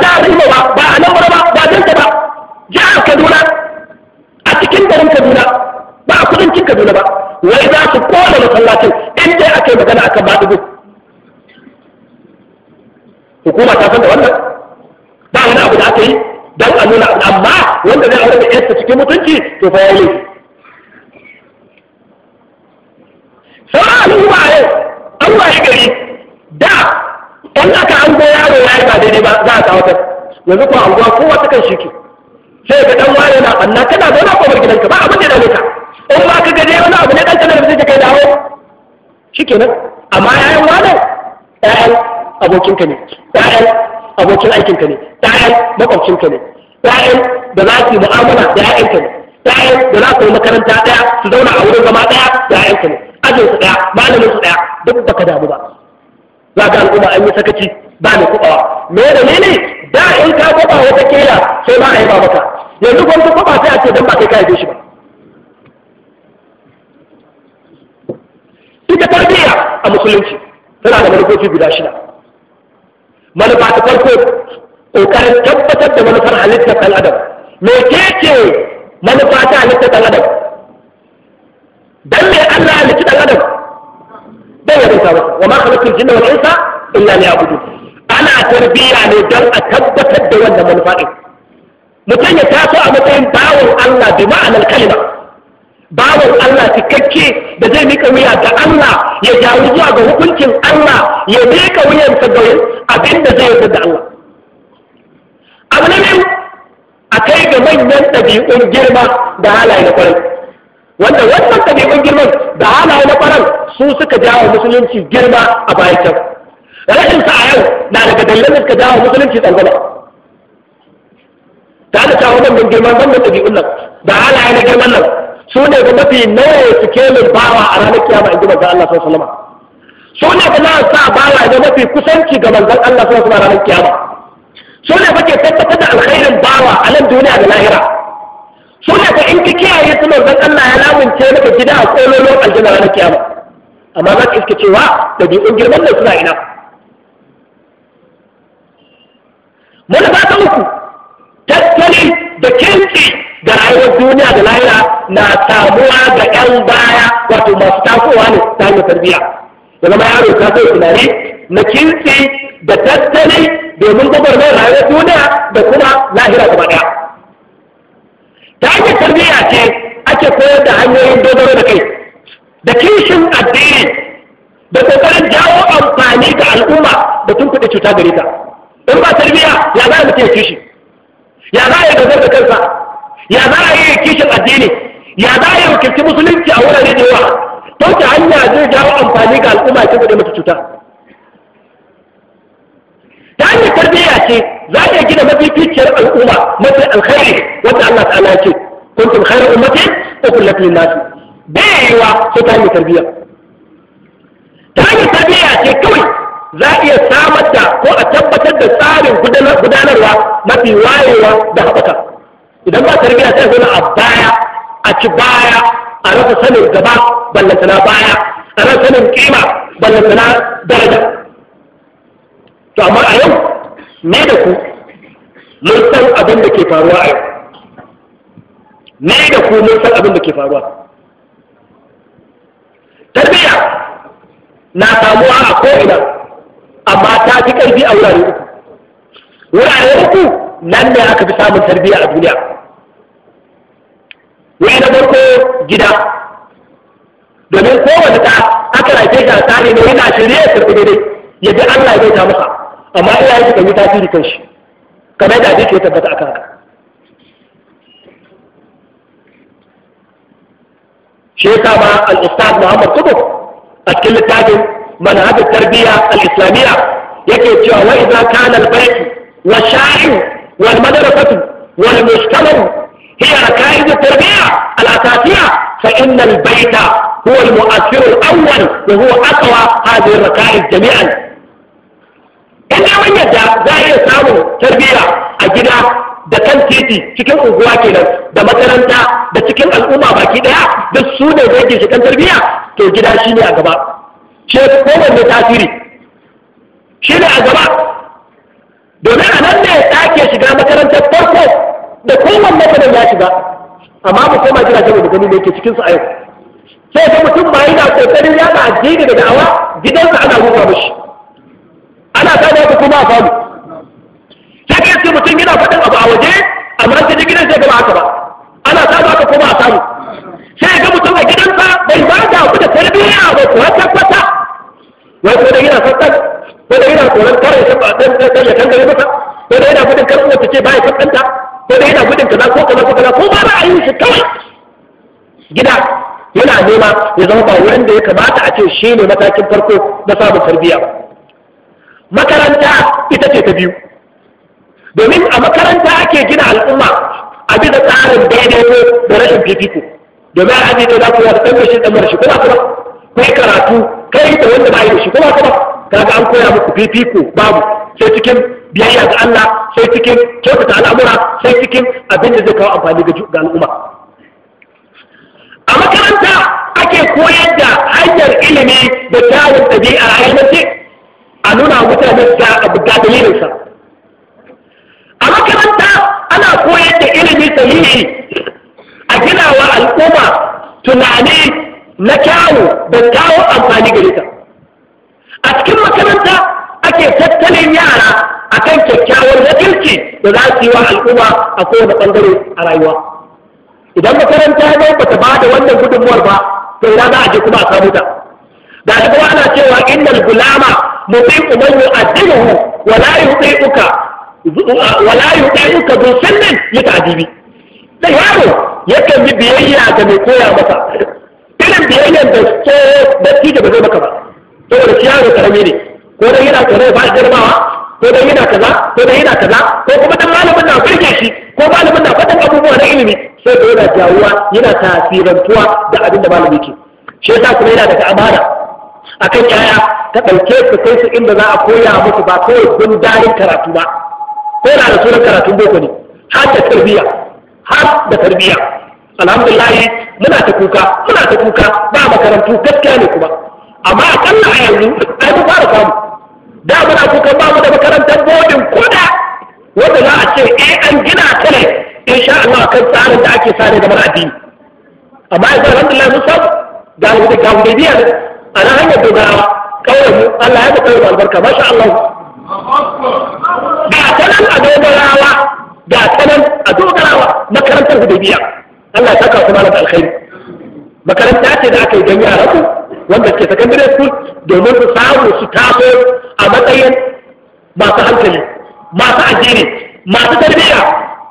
ba a imo ba ba a nan ba ba danta ba jihar kaduna a cikin garin kaduna ba a kudancin kaduna ba wai za su kona masallacin in dai ake magana magana akan baɗi hukuma ta san da wannan ba wani abu da aka yi don a nuna amma wanda zai aure da yarsa cikin mutunci to fa ya yanzu kuma anguwa kowa ta kan shi ki sai ga dan wani na banna kana zauna ko bar gidanka ba abin da dame ka in ma ka gaje wani abu ne dan kana da zai kai dawo shikenan amma yayin wani ƴaƴan abokinka ne ƴaƴan abokin aikinka ne ƴaƴan makwabcinka ne ƴaƴan da za su yi mu'amala da ƴaƴanka ne ƴaƴan da za su yi makaranta ɗaya su zauna a wurin zama ɗaya ka ne ajin su ɗaya malamin su ɗaya duk baka damu ba za ga al'umma an yi sakaci ba ne kuɓawa me da ne ne da in ka kwaba wata kila sai ba a yi ba maka yanzu gwamnati kwaba sai a ce don ba kai kayan shi ba ita tarbiyya a musulunci tana da manufofi guda shida manufa ta farko kokarin tabbatar da manufar halittar ɗan adam me ke ce manufa ta halittar ɗan adam dan me Allah ya halitta ɗan adam dan ya bauta masa wa ma khalaqtul jinna wal insa illa liya'budun ana tarbiyya ne don a tabbatar da wannan manufa'in mutum ya taso a matsayin bawon Allah bi ma'anar kalima bawon Allah cikakke da zai mika wuya ga Allah ya jawo zuwa ga hukuncin Allah ya mika wuyansa ga abin da zai yarda da Allah abu na biyu a kai ga manyan ɗabi'un girma da halaye na kwarai wanda wannan ɗabi'un girman da halaye na kwarai su suka jawo musulunci girma a bayan rashin sa a yau na daga dalilan da suka jawo musulunci tsangwama ta da ta wannan girman wannan ɗabi'un nan da halaye na girman nan su ne ga mafi nawa su kelin bawa a ranar kiyama in ji manzon Allah sun alaihi su ne ga nan sa bawa da mafi kusanci ga manzan Allah sallallahu a ranar kiyama su ne kake tabbatar da alkhairin bawa a nan duniya da lahira su ne ka in ki kiyaye su manzan Allah ya lamunce maka gida a kololon aljanna ranar kiyama amma za ka iske cewa ɗabi'un girman nan suna ina ba ta uku tattali da kirki da rayuwar duniya da lahira na samuwa da 'yan baya wato masu tasowa ne ta hanyar tarbiyya da zama yaro ka zai tunani na kirki da tattali domin mai rayuwar duniya da kuma lahira gaba ɗaya ta hanyar tarbiyya ce ake koyar da hanyoyin dogaro da kai da kishin addini da kokarin jawo amfani ga al'umma da tun kuɗi cuta gare ta in ba tarbiya ya za a mutum ya kishi ya za a yi gazar da kansa ya za a yi kishin addini ya za a yi wakilci musulunci a wurare da yawa ta hanya zai jawo amfani ga al'umma ya da mata cuta ta hanyar tarbiyya ce za a gina mafificiyar al'umma mafi alkhairi wata Allah ta'ala ya ce kuntum khairu ummatin ukhrijat lin-nas bai ta hanyar tarbiyya ta hanyar tarbiyya ce kawai za a iya samar da ko a tabbatar da tsarin gudanarwa mafi wayewa da haɓaka idan ba tarbiyya sai zama a baya a ci baya a rasa sanin gaba na baya a rasa sanin kima na daraja to amma a yau ne da ku mun san abin da ke faruwa a yau ne da ku mun san abin da ke faruwa tarbiyya na samuwa a ko'ina amma ta fi ƙarfi a wurare uku wurare uku nan ne aka fi samun tarbiyya a duniya Wai na farko gida domin kowane ta aka rafe shi a tsari ne yana shirye ya karfi daidai ya bi Allah ya ta masa amma iyaye su kan yi tasiri kan shi kamar da abin ya tabbata a kanka shi ma al-ustad Muhammad Kudu a cikin littafin manhaj tarbiyya al-islamiyya yake cewa wa idza kana al-bayt wa sha'i wa al-madrasah wa al-mujtama hiya qa'id tarbiya al-asasiyya fa inna al-bayt huwa al-mu'assir al-awwal wa huwa aqwa hadhihi al jami'an kana man yadda za iya samun tarbiyya a gida da kan titi cikin unguwa kenan da makaranta da cikin al'umma baki ɗaya, duk su ne da yake shi kan to gida shine a gaba shi kowanne tasiri shi ne a gaba domin a nan ne ya shiga makarantar farko da kowanne kadan ya shiga amma mu koma jira ta da gani ne ke cikin a yau sai ga mutum ba yana ya yada addini da da'awa gidansa ana rufa mishi ana gane ku kuma a samu sai ka ce mutum yana faɗin abu a waje amma sai ji gidan sai gaba haka ba ana samu haka kuma a samu sai ga mutum a gidansa bai ba da abu da tarbiyya ba ku kwata kwata wai ko da yana sassan ko da yana tsoron kare ya ba dan dan ya kankare masa ko da yana gudun kar uwa ce baya sassanta ko da yana gudun kaza ko kaza ko kaza ko ba ra'ayin shi kawai gida yana nema ya zama ba wanda ya kamata a ce shi ne matakin farko na samun tarbiyya makaranta ita ce ta biyu domin a makaranta ake gina al'umma a bisa tsarin daidaito da rashin fifiko domin a ajiye da za ku yi da ɗan shi ɗan marashi kuma kuma kai karatu kai da wanda ba yi da shi kuma kuma kaga an koya muku fifiko babu sai cikin biyayya ga Allah sai cikin kyautata al'amura sai cikin abin da zai kawo amfani ga al'umma a makaranta ake koyar da hanyar ilimi da tawon ɗabi'a a yanzu a nuna mutane ga dalilinsa a makaranta ana koyar da ilimi sahihi a ginawa al'umma tunani na kyawu da kawo amfani gare ka a cikin makaranta ake tattalin yara a kan kyakkyawar wakilci da za su yi wa al'umma a kowane bangare a rayuwa idan makaranta ya ba ta ba da wannan gudunmuwar ba to ina za a je kuma a samu ta da kuma ana cewa innal gulama a man yu'addibuhu wa la uka wala yuti'uka yi ta yata'dibi da yaro yakan bi biyayya ga mai koya masa irin biyayyar da da ki da ba zai maka ba da shi da karami ne ko dai yana kaza ba girmawa ko dai yana kaza ko dai yana kaza ko kuma dan malamin na burge shi ko malamin na faɗin abubuwa na ilimi sai da yana jawuwa yana tasirantuwa da abin da malami ke shi yasa kuma yana da amana akan yaya ta ɗauke su kai su inda za a koya musu ba kawai gundarin karatu ba ko da da sunan karatun boko ne har da tarbiya har da tarbiyya alhamdulillah muna ta kuka muna ta kuka ba makarantu gaskiya ne kuma amma akalla a yanzu ai mu fara samu da muna kuka ba mu da makarantar bodin koda wanda za a ce eh an gina ta ne insha Allah kan tsarin da ake sare da addini amma yanzu alhamdulillah mun samu ga wanda ga wanda biya a nan hanyar dogara kawai Allah ya ta albarka masha Allah ga ta nan a dogarawa ga ta nan a dogarawa makarantar hudaybiya Allah ya saka kuma da alkhairi makaranta ce da aka yi don yaran ku wanda ke secondary school domin su samu su taso a matsayin masu hankali masu addini masu tarbiyya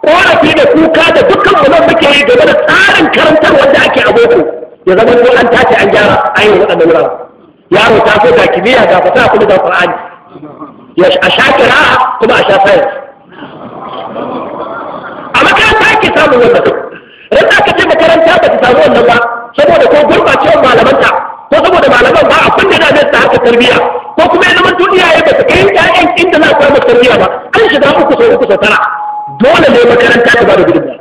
Ƙorafi da kuka da dukkan mu nan muke yi game da tsarin karantar wanda ake a boko ya zama ko an tace an gyara an yi waɗannan wuraren yaro ta so ga kimiyya ga fasaha kuma ga qur'ani ya a sha kira kuma a sha science a makaranta ake samun wannan ran aka ce makaranta ba ta samu wannan ba saboda ko gurbacewar malamanta ko saboda malaman ba abin da zai ta haka tarbiyya ko kuma ya zaman iyaye ba su kai ƴaƴan inda za su samu tarbiyya ba an shiga uku sau uku sau tara dole ne makaranta ta ba da gudunmawa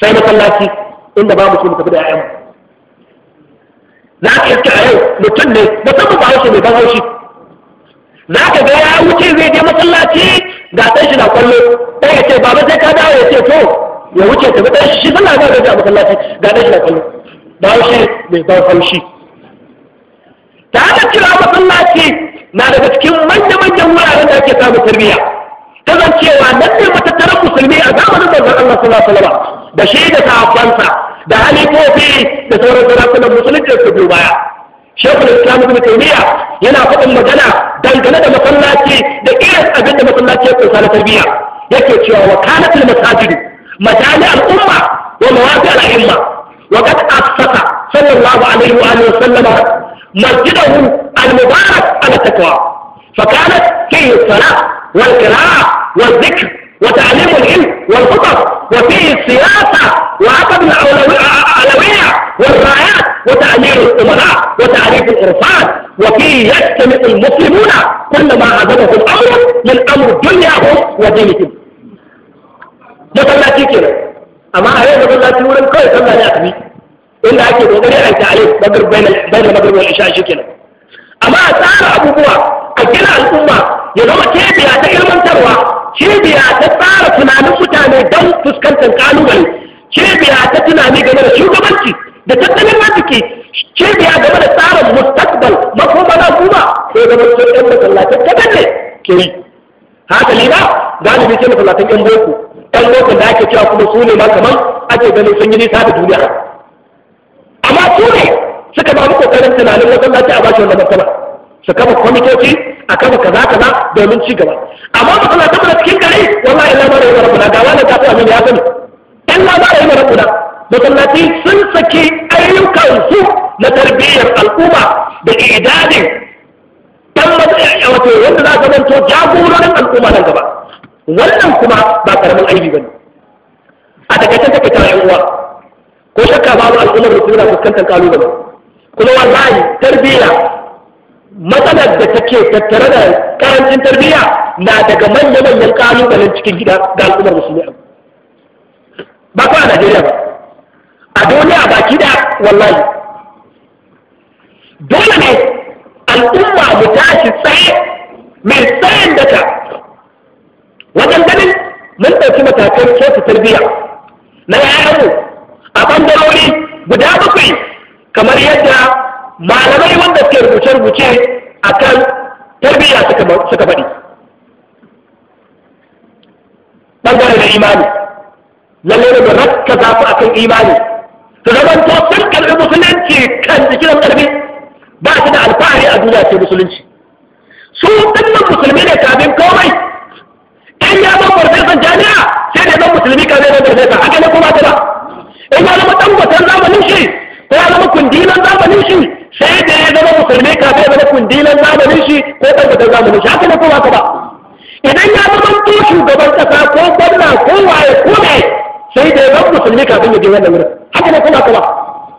sai masallaci inda ba mu tafi da ƴaƴan za ka iska a yau mutum ne musamman ba haushi mai ban haushi za ka ga ya wuce zai je masallaci ga sai shi na kwallo ɗaya ce baba sai ka dawo ya ce to ya wuce ta dan shi suna ga da masallaci ga shi kallo da mai ban haushi ta kira masallaci na daga cikin manya-manyan wuraren da ake samun tarbiyya kasancewa nan ne matattarar musulmi a zamanin manzon Allah sallallahu alaihi da shi da sahabbansa da halifofi da sauran sarakunan musulunci su biyu baya shekul islam ibn taymiya yana faɗin magana dangane da masallaci da irin abin da masallaci ya kunsa na tarbiyya yake cewa wa kanat masajidu مجامع الأمة ومواقع الأئمة وقد أسس صلى الله عليه وآله وسلم مسجده المبارك على التقوى فكانت فيه الصلاة والقراءة والذكر وتعليم العلم والخطب وفيه السياسة وعقد الأولوية والرايات وتعليم الأمراء وتعريف الإرصاد وفيه يجتمع المسلمون كل ما عزمه الأمر من أمر دنياهم ودينهم masallaci kenan amma a yau masallaci wurin kawai sallah ne a tafi inda ake dogare a ta alif bagar bayan bagar wani isha shi kenan amma a tsara abubuwa a gina al'umma ya zama cibiya ta ilmantarwa cibiya ta tsara tunanin mutane don fuskantar kalubale cibiya ta tunani game da shugabanci da tattalin arziki cibiya game da tsarin mustaqbal makoma na kuma sai mutum cikin masallacin ta ne ke yi haka ne ba galibi ce masallacin yan boko ɗan lokacin da ake cewa kuma su ne ma kamar ake ganin sun yi nisa da duniya amma su ne suka ba mu kokarin tunanin masallaci a bashi wannan matsala su kafa kwamitoci a kafa kaza kaza domin ci gaba amma masallacin da cikin gari wallahi ina mara yi rabbuna ga ta tafi amin ya sani in na mara yana masallaci sun saki ayyukansu na tarbiyyar al'umma da idadin dan wato wanda za ka zanto jagororin al'umma nan gaba wannan kuma ba karamin aibi ne a take takaicen yan uwa ko shakka babu al'ummar da suna fuskantar kalubale kuma wallahi tarbiyya matsalar da take tattare da karancin tarbiyya na daga manya-manyan kalubalen cikin gida ga al'ummar musulmi ba kawai a Najeriya ba a duniya baki da wallahi dole ne al'umma mu tashi tsaye mai tsayin data wajen ganin mun ɗauki matakan kyautu tarbiyya na yayanmu a ɓangarori guda bakwai kamar yadda malamai wanda suke rubuce-rubuce a kan tarbiyya suka faɗi ɓangare da imani lallai da ka zafi a akan imani su zaman to sun karɓi musulunci kan jikin ƙarfi ba su da alfahari a duniya ce musulunci su nan musulmi ne kamin komai zama farfesan jami'a sai da zan musulmi ka zai zama farfesa haka ne kuma ta ba in ya zama dan watan zamanin shi ko ya zama kundilan zamanin shi sai da ya zama musulmi ka zai zama kundilan zamanin shi ko dan watan zamanin shi haka ne kuma ta ba idan ya zama to shugaban kasa ko gwamna ko waye ko mai sai da ya zama musulmi kafin ya je wannan wurin haka ne kuma ta ba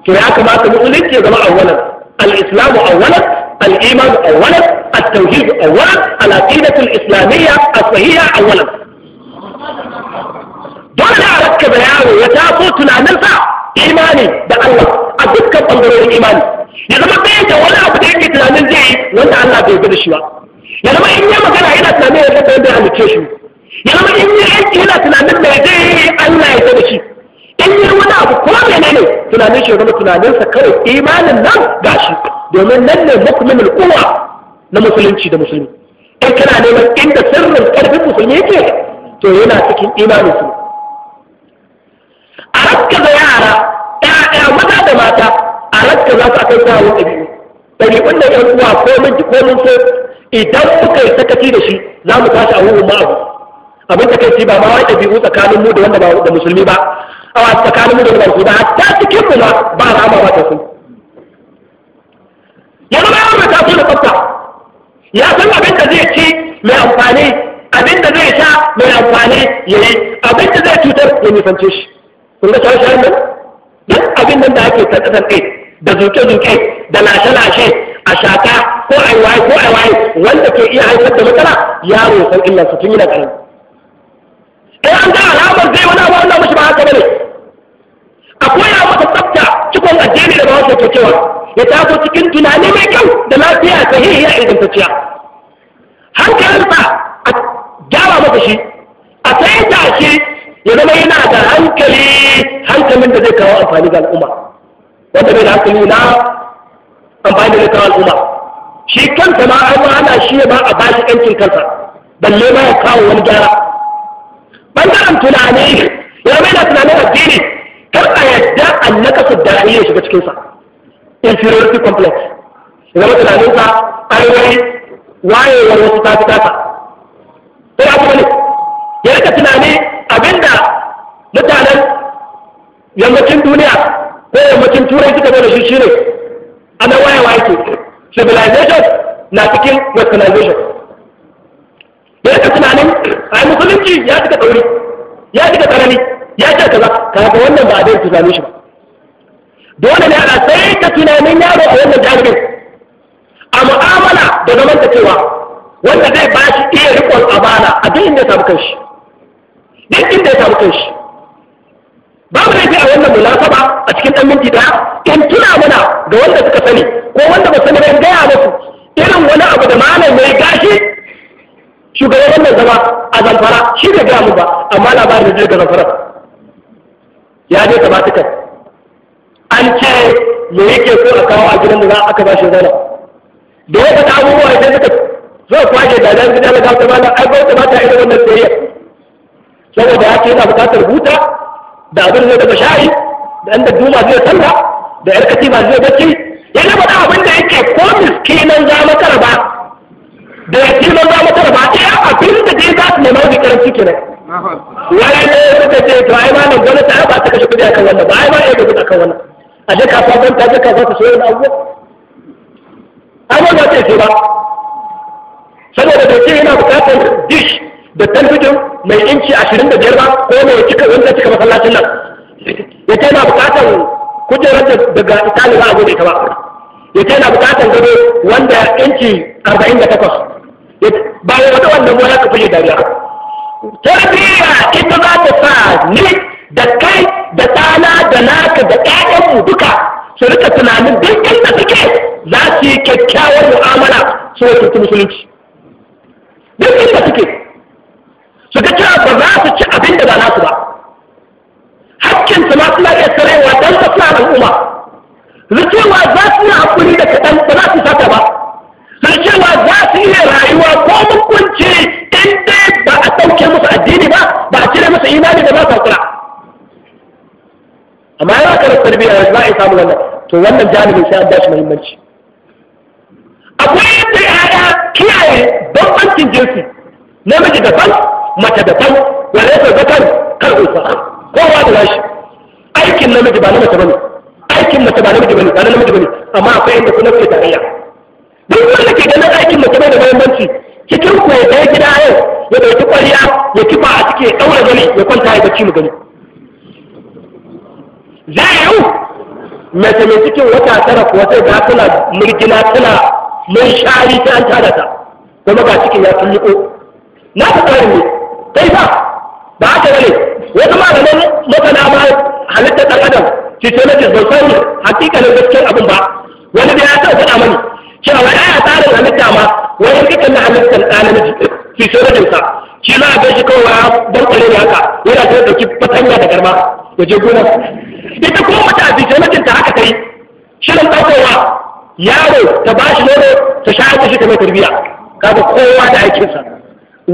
to ya kamata musulunci ya zama awwalan al-islamu awwalan الإيمان أولا التوحيد أولا العقيدة الإسلامية الصحيحة أولا dole a rakka da yaro ya taso tunaninsa imani da Allah a dukkan ɓangarorin imani ya zama ɗaya da wani abu da yake tunanin zai yi wanda Allah bai da shi ba ya zama in yi magana yana tunanin ya zama da halicce shi ya zama in yi aiki yana tunanin da zai yi Allah ya da shi in yi wani abu ko ne tunanin shi ya zama tunaninsa kawai imanin nan ga gashi domin nan ne mukmin quwa na musulunci da musulmi in kana neman inda sirrin ƙarfin musulmi yake to yana cikin imanin su haskaza yara 'ya'ya maza da mata a za su akan kawo ɗabi'u ɗabi'un da ƴan uwa ko mun ji ko mun so idan muka yi sakaci da shi za mu tashi a wurin ma'abu abin da kai ba ma wai ɗabi'u tsakanin mu da wanda ba da musulmi ba a tsakanin mu da wanda ba musulmi ba hatta cikin mu ma ba rama ba ta su yanzu ba yawon ta da tsafta ya san abin da zai ci mai amfani abin da zai sha mai amfani ya yi abin da zai cutar ya nisance shi kun ga shawarar nan duk abin nan da ake tsantsan kai da zuke-zuke da lashe-lashe a shaka ko a waye ko a waye wanda ke iya haifar da matsala yaro san illa su tun da kai in an ga alamar zai wani abu wannan mashi ba haka bane akwai abu ta tsafta cikon addini da ba ke cewa ya tafi cikin tunani mai kyau da lafiya ta sahihiya ingantacciya ya zama yana da hankali hankalin da zai kawo amfani ga al'umma wanda bai da hankali na amfani da zai kawo al'umma shi kansa ma an ana shi ba a bashi yankin kansa balle ma ya kawo wani gyara bangaren tunani ya zama yana tunanin addini kar a yadda an nakasa da ya shiga cikinsa inferiority complex ya zama tunaninsa an wai wayewar wasu tafi tasa sai abu ne ya rika tunani abinda mutanen yammacin duniya ko yammacin turai suka zo da shi shine ana wayewa ke civilization na cikin westernization da yake tunanin ai musulunci ya cika tsauri ya cika tsanani ya ce kaza kaga wannan ba a dai tunani shi ba dole ne a sai ka tunanin yaro a wannan jami'in a mu'amala da zaman cewa wanda zai ba shi iya rikon amana a duk inda ya samu kanshi duk inda ya samu kanshi babu laifi a wannan mulasaba a cikin ɗan minti ɗaya, in tuna mana ga wanda suka sani ko wanda ba sani ba in gaya musu irin wani abu da malam mai gashi shugaban wannan zama a zamfara shi da gaya mu ba amma labarin da zai ga zamfara ya je tabatukar an ce me yake so a kawo a gidan da za aka ba shi zana da ya faɗa abubuwa sai suka zuwa kwaje da zan gidan da ta malam ai ba ta ba ta irin wannan tsayiyar saboda haka yana buƙatar buta da abin zai daga shayi da ɗan dadduma zai sallah da yar katiba zai bacci ya ga faɗa abin da yake ko miskinan za mu karba da yatiman za mu karba ɗaya abin da dai za su nema zai karanci kenan wani ne suka ce to ai ma nan gwamnati ba ta kashe kuɗi akan wannan ba ai ma ya gaji akan wannan a je kasuwa ban ta je kasuwa ta sayo da abubuwa amma ba ta ce ba saboda da ce yana buƙatar dish da tantukin mai inci ashirin da biyar ba ko mai cika wanda cika masallacin nan ya ce na bukatan kujerar daga itali ba a zo ta ba ya ce na bukatan gado wanda inci arba'in da takwas ba ya wata wannan mu ka yi dariya tarbiyya ita za ta sa ni da kai da ɗana da naka da ƴaƴanmu duka su rika tunanin duk inda suke za su yi kyakkyawar mu'amala su wakilci musulunci duk inda suke su ga cewa ba za su ci abin da ba nasu ba hakkin su ma suna iya sarewa don ta suna al'umma su cewa za su yi hakuri da kaɗan ba za su sata ba su cewa za su iya rayuwa ko mukunci in dai ba a ɗauke musu addini ba ba a cire musu imani da ba su hakura amma yana karar tarbiyya yanzu za a yi samu wannan to wannan jami'in sai an dashi muhimmanci akwai yadda ya haɗa kiyaye bambancin jinsi namiji daban mace da kan wale ta kan kar unsa kowa da lashi aikin namiji ba na mace bane aikin mace ba na namiji bane ba na namiji bane amma akwai yadda kuma ke tarayya duk wanda ke ganin aikin mace bai da bayanci cikin ku ya kai gida yau ya dauki kwariya ya kifa a cike ya daura gani ya kwanta ya bacci mu gani za a yau mace mai cikin wata tara ko wata ga tana murgina tana mun shari ta an tada ta kuma ga cikin ya tulluko na ta tsari ne kaifa fa ba haka bane wasu malaman masana ba halittar dan adam physiologist ba sani hakikalin gaskiyar abin ba wani da ya sa faɗa mani cewa wai aya tsarin halitta ma wani kika na halittar ɗan namiji physiologist sa shi za a ga shi kawai ya barkwale ne haka yana ta ɗauki fatanya da garma waje gona ita kuma mata a nake ta haka ta yi shirin ɗaukowa yaro ta ba shi nono ta sha shi kamar tarbiyya kaga kowa da aikinsa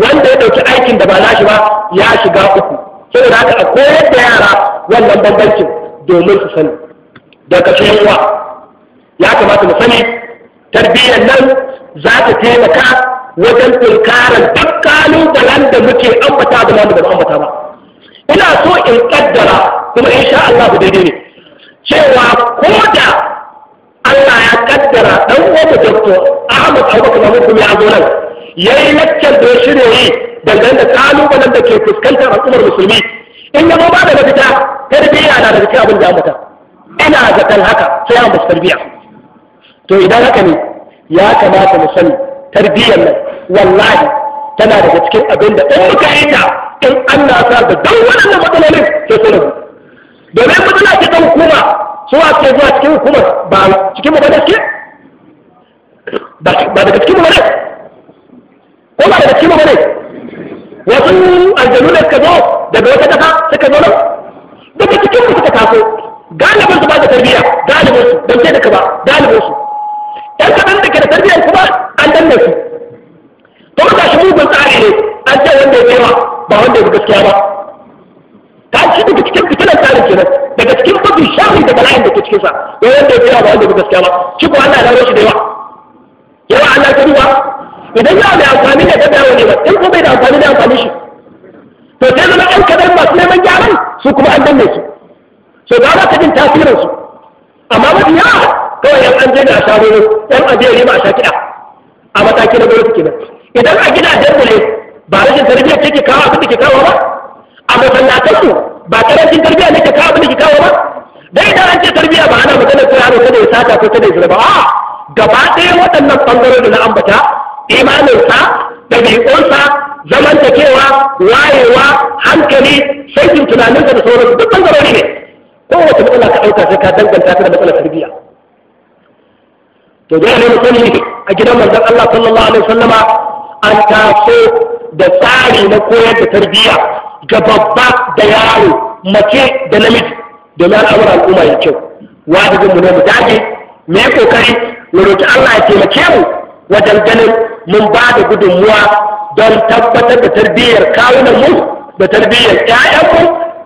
wanda ya ɗauki aikin da ba na shi ba ya shiga uku saboda haka a koyar da yara wannan bambancin domin su sani Daga kashe ya kamata mu sani tarbiyyar nan za ta taimaka wajen tunkarar duk kalubalen da muke ambata da namu da ba ambata ba ina so in kaddara kuma insha Allah daidai ne cewa ko da Allah ya kaddara dan uwa da Ahmad Abubakar Mahmud ya zo nan ya yi laccar da ya yi dangane da kalubalen da ke fuskantar al'ummar musulmi in ya zo ba da mafita tarbiyya na da cikin abin da ambata ina zaton haka sai an basu tarbiyya to idan haka ne ya kamata mu sani tarbiyyar nan wallahi tana daga cikin abin da in muka yi ta in an na sa da dan wannan matsalolin sai su rabu domin matsala ce ta hukuma su a ce zuwa cikin hukumar ba cikin mu ba da ba daga cikin mu ba ko ba da daga cikin ne? wasu aljanu da suka zo daga wata kasa suka zo nan daga cikin mu suka taso galibin su ba da tarbiyya galibin su don ce daga ba galibin su ɗan kaɗan da ke da tarbiyyar kuma an danne su to ga shi mugun tsari ne an ce wanda ya yawa ba wanda ya gaskiya ba ta shi daga cikin fitilar tsarin kenan daga cikin mafi shafi da bala'in da ke cikinsa wanda ya yawa ba wanda ya gaskiya ba shi ko Allah shi da yawa idan yana da amfani ne ta bayarwa ne ba in ko bai da amfani da amfani shi to sai zama an kadan masu neman gyaran su kuma an danne su so ga ka jin tasirin su amma mafi yawa kawai yan an je da sharo ne yan yi je a sha kiɗa a mataki na gwamnati kenan idan a gina da ne ba rashin tarbiyya ce ke kawo abin da ke kawo ba a masallatan mu ba karancin tarbiyya ne ke kawo abin da ke kawo ba dai idan an ce tarbiyya ba ana magana ko yaro kada ya sata ko kada ya zura ba a gaba ɗaya waɗannan ɓangarorin na ambata imaninsa da ɗaiƙonsa cewa wayewa hankali saitin tunaninsa da sauransu duk ɓangarori ne Ko wata matsala ka ɗauka sai ka danganta ta da matsalar tarbiyya to dole ne mu sani a gidan manzon Allah sallallahu alaihi wasallama an taso da tsari na koyar da tarbiyya ga babba da yaro mace da namiji domin al'amuran al'umma ya kyau wajibin mu ne mu dage mu yi kokari mu roki Allah ya taimake mu wajen ganin mun ba da gudunmuwa don tabbatar da tarbiyyar kawunan mu da tarbiyyar ƴaƴanmu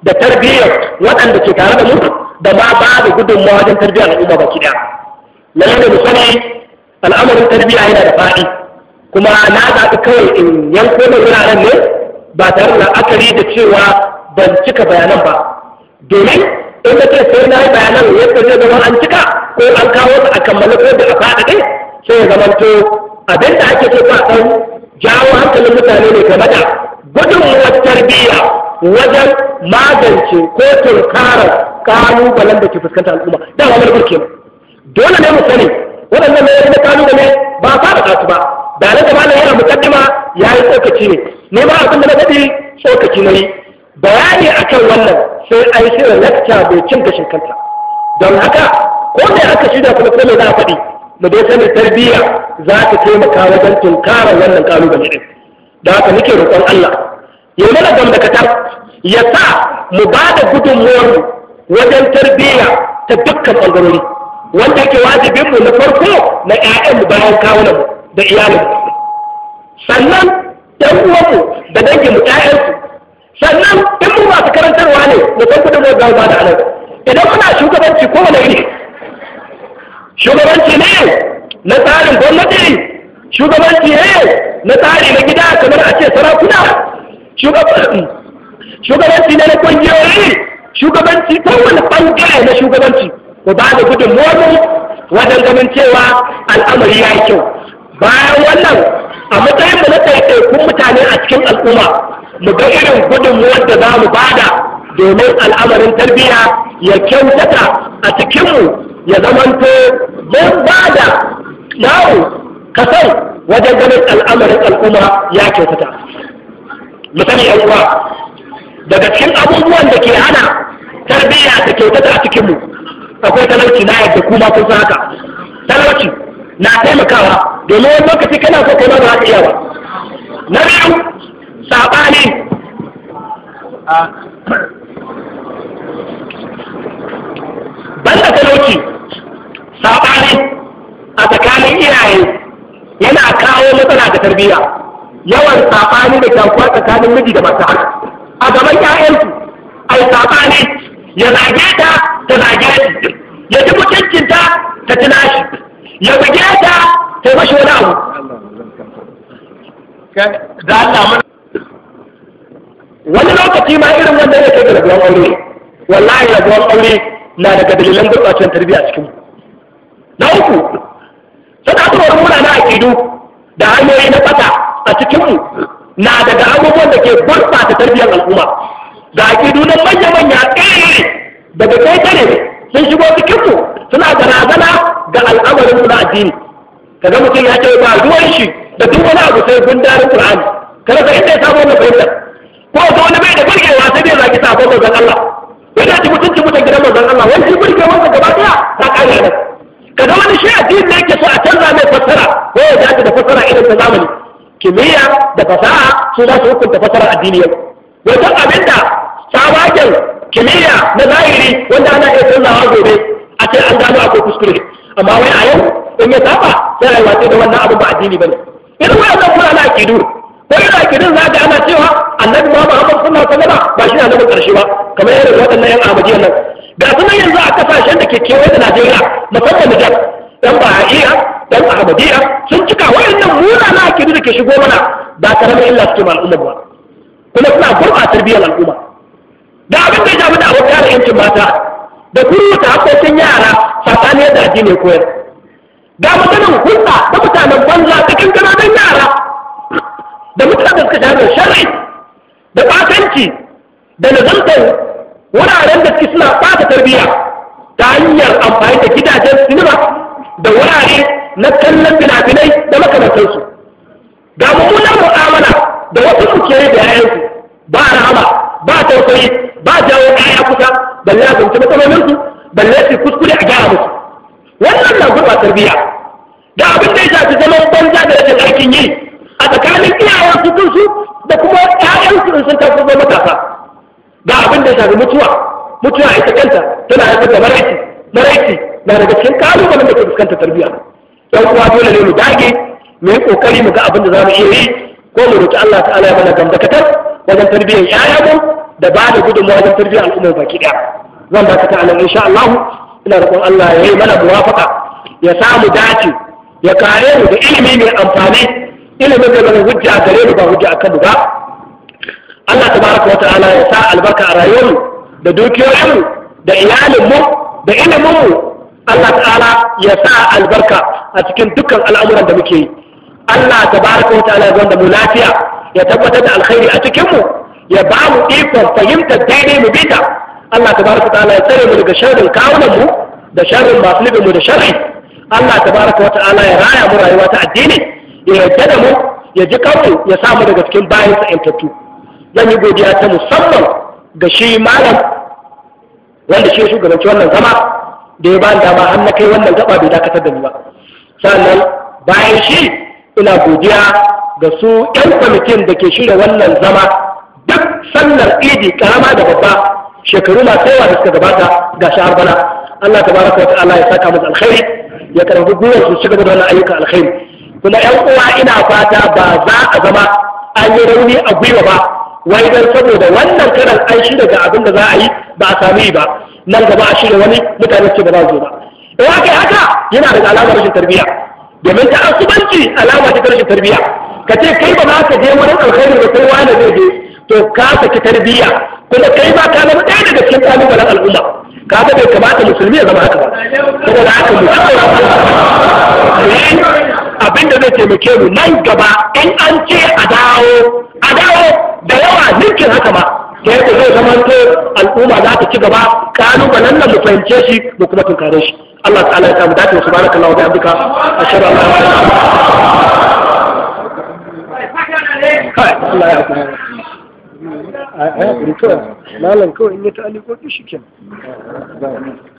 da tarbiyyar waɗanda ke tare da mu da ma ba da gudunmuwa wajen tarbiyyar al'umma baki ɗaya lalle mu sani al'amarin tarbiyya yana da faɗi kuma na zaɓi kawai in yanko da wuraren ne ba tare da la'akari da cewa ban cika bayanan ba domin in da ke sai na yi bayanan yadda zai zama an cika ko an kawo su a kammala ko da a faɗaɗe sai ya zamanto abin da ake so a jawo hankalin mutane ne game da gudunmuwar tarbiyya wajen magance ko tunkarar kalubalen da ke fuskanta al'umma wani manufar kenan dole ne mu sani waɗannan ne na kalubale ba sa da su ba da na gaba na yana mukaddima ya yi tsokaci ne ne ba abin da na faɗi tsokaci na yi bayani akan wannan sai yi shirin lakta bai cin gashin kanta don haka ko me aka shirya kuma sai me faɗi da dai sani tarbiyya za ta taimaka wajen tunkarar wannan kalubale din da haka muke roƙon Allah ya mana da gamdakatar ya sa mu ba da gudunmuwar wajen tarbiyya ta dukkan ɓangarori wanda ke mu na farko na mu bayan mu da iyalin sannan ɗan uwanku da danginmu 'ya'yansu sannan in mu masu karantarwa ne mu san gudunmuwar da ba da anan idan muna shugabanci kowane iri shugabanci ne na tsarin gwamnati shugabanci ne na tsari na gida kamar a ce sarakuna shugabanci ne na kungiyoyi shugabanci kowane bangare na shugabanci ku ba da mu wajen ganin cewa al'amari ya yi kyau bayan wannan a matsayin da na kun mutane a cikin al'umma mu ga irin gudummawar da za mu bada domin al'amarin tarbiyya ya kyautata a cikinmu ya zamanto mun ba da nawo kasan wajen ganin al'amarin al'umma ya kyautata misali yan uwa daga cikin abubuwan da ke hana tarbiyya da kyautata a cikinmu akwai talauci na yadda kuma kun san haka talauci na taimakawa domin wani lokaci kana so kuma ba iya yawa na biyu saɓani banda talauci saɓani a tsakanin iyaye yana kawo matsala da tarbiyya yawan saɓani da kyankuwa tsakanin miji da mata a gaban ƴaƴansu ai saɓani ya zage ta ta zage shi ya ji mutuncinta ta tuna shi ya buge ta ta mashi wani abu wani lokaci ma irin wanda ya ke da rabuwar aure wallahi rabuwar aure na daga dalilan gurɓacewar tarbiyya cikin mu na uku wani muna na aƙidu da hanyoyi na fata a cikin mu na daga abubuwan da ke gurɓata tarbiyyar al'umma Da aƙidu na manya-manya ƙere eh, daga kai tare sun shigo cikin mu suna razana ga al'amarin mu na addini kaga mutum ya ce ba ruwan shi da duk wani abu sai gundarin Qur'ani kada ka inda ya samu wannan fahimtar. ko ga wani bai da burgewa sai dai zaki sabon manzon Allah yana ji mutuncin mutan gidan mazan Allah wai shi burge wanda gaba daya ta kare Ka ga wani shi addini ne yake so a canza mai fassara ko ya dace da fassara irin ta zamani kimiyya da fasaha su za su hukunta fassara addini yau wajen abinda sabagen kimiyya na zahiri wanda ana iya canzawa gobe a ce an gano akwai kuskure amma wai a yau in ya saba sai watsi da wannan abin ba addini ne irin wannan kula na akidu wani zakirin za ana cewa annabi ba Muhammad sun na sallama ba shi annabin karshe ba kamar yadda waɗannan yan amaji nan ga kuma yanzu a kasashen da ke kewaye da Najeriya musamman Nijar dan Bahaiya dan Ahmadiyya sun cika waɗannan na akidu da ke shigo mana ba karamin illa suke ma al'umma ba kuma suna gurɓata tarbiyyar al'umma da abin da ya shafi da abokan yancin mata da kuruta haƙoƙin yara saɓaniyar da addini koyar ga mutanen hulɗa da mutanen banza cikin ƙananan yara da da suka shafi shari'i da fatanci da nazantar wuraren da suke suna ɓata tarbiyya ta hanyar amfani da gidajen sinima da wurare na kallon finafinai da makarantarsu, ga mummunan mu'amala da wasu suke yi da yayansu ba rahama ba tausayi ba jawo kaya kusa balle a zance matsalolinsu balle su kuskure a gyara musu wannan na gurɓa tarbiyya da abin da ya shafi zaman banza da rashin aikin yi a tsakanin iyayen su kansu da kuma ƴaƴan su sun taso zama matasa ba abin da shafi mutuwa mutuwa ita kanta tana haifar da maraici maraici na daga cikin kalubalen da ke fuskantar tarbiyya yan uwa dole ne mu dage mu yi kokari mu ga abin da za mu iya yi ko mu roki Allah ta'ala ya mana gamdakatar wajen tarbiyyar ƴaƴa da ba da gudunmawa wajen tarbiyyar al'ummar baki ɗaya zan dakata a nan insha Allah ina roƙon Allah ya yi mana muwafaqa ya samu dace ya kare mu da ilimi mai amfani ilimin da bane hujja a gare mu ba hujja a kanu ba Allah tabaraka wata'ala ya sa albarka a rayuwar da dukiyoyin da iyalin mu da ilimin mu Allah ta'ala ya sa albarka a cikin dukkan al'amuran da muke yi Allah tabaraka wata'ala ya zama mu lafiya ya tabbatar da alkhairi a cikin mu ya ba mu ikon fahimtar daidai mu bita Allah tabaraka wata'ala ya tsare mu daga sharrin kawunan mu da sharrin masu mu da sharri Allah tabaraka wata'ala ya raya mu rayuwa ta addini ya yarda da mu ya ji kawai ya samu daga cikin bayan sa'intattu zan yi godiya ta musamman ga shi malam wanda shi shugabanci wannan zama da ya ba dama har na kai wannan gaba bai dakatar da ni ba sannan bayan shi ina godiya ga su 'yan kwamitin da ke shirya wannan zama duk sallar idi karama da babba shekaru masu yawa da suka gabata ga shahar bana Allah baraka wa ta'ala ya saka musu alkhairi ya karbi gurin su shiga da wannan ayyukan alkhairi kuma yan uwa ina fata ba za a zama an yi rauni a gwiwa ba wai dan saboda wannan karan an shi daga abin da za a yi ba a sami yi ba nan gaba a shirya wani mutane ce ba za zo ba in haka haka yana daga alamar rashin tarbiyya domin ta asubanci alama ta rashin tarbiyya ka ce kai ba za ka je wurin alkhairi da kowa zai je to ka saki tarbiyya kuma kai ba ka zama ɗaya daga cikin ƙalubalen al'umma ka ga bai kamata musulmi ya zama haka ba kuma saboda haka musulmi abin da zai taimake mu nan gaba in an ce a dawo a dawo da yawa ninkin haka ma ta yadda zai zama to al'umma za ta ci gaba ƙalubalen nan mu fahimce shi mu kuma tunkare shi Allah ta'ala ya samu dace subhanakallahu wa bihamdika ashhadu an la ilaha illa anta astaghfiruka wa atubu a ya kawai malam kawai in ya ta'alikoki shi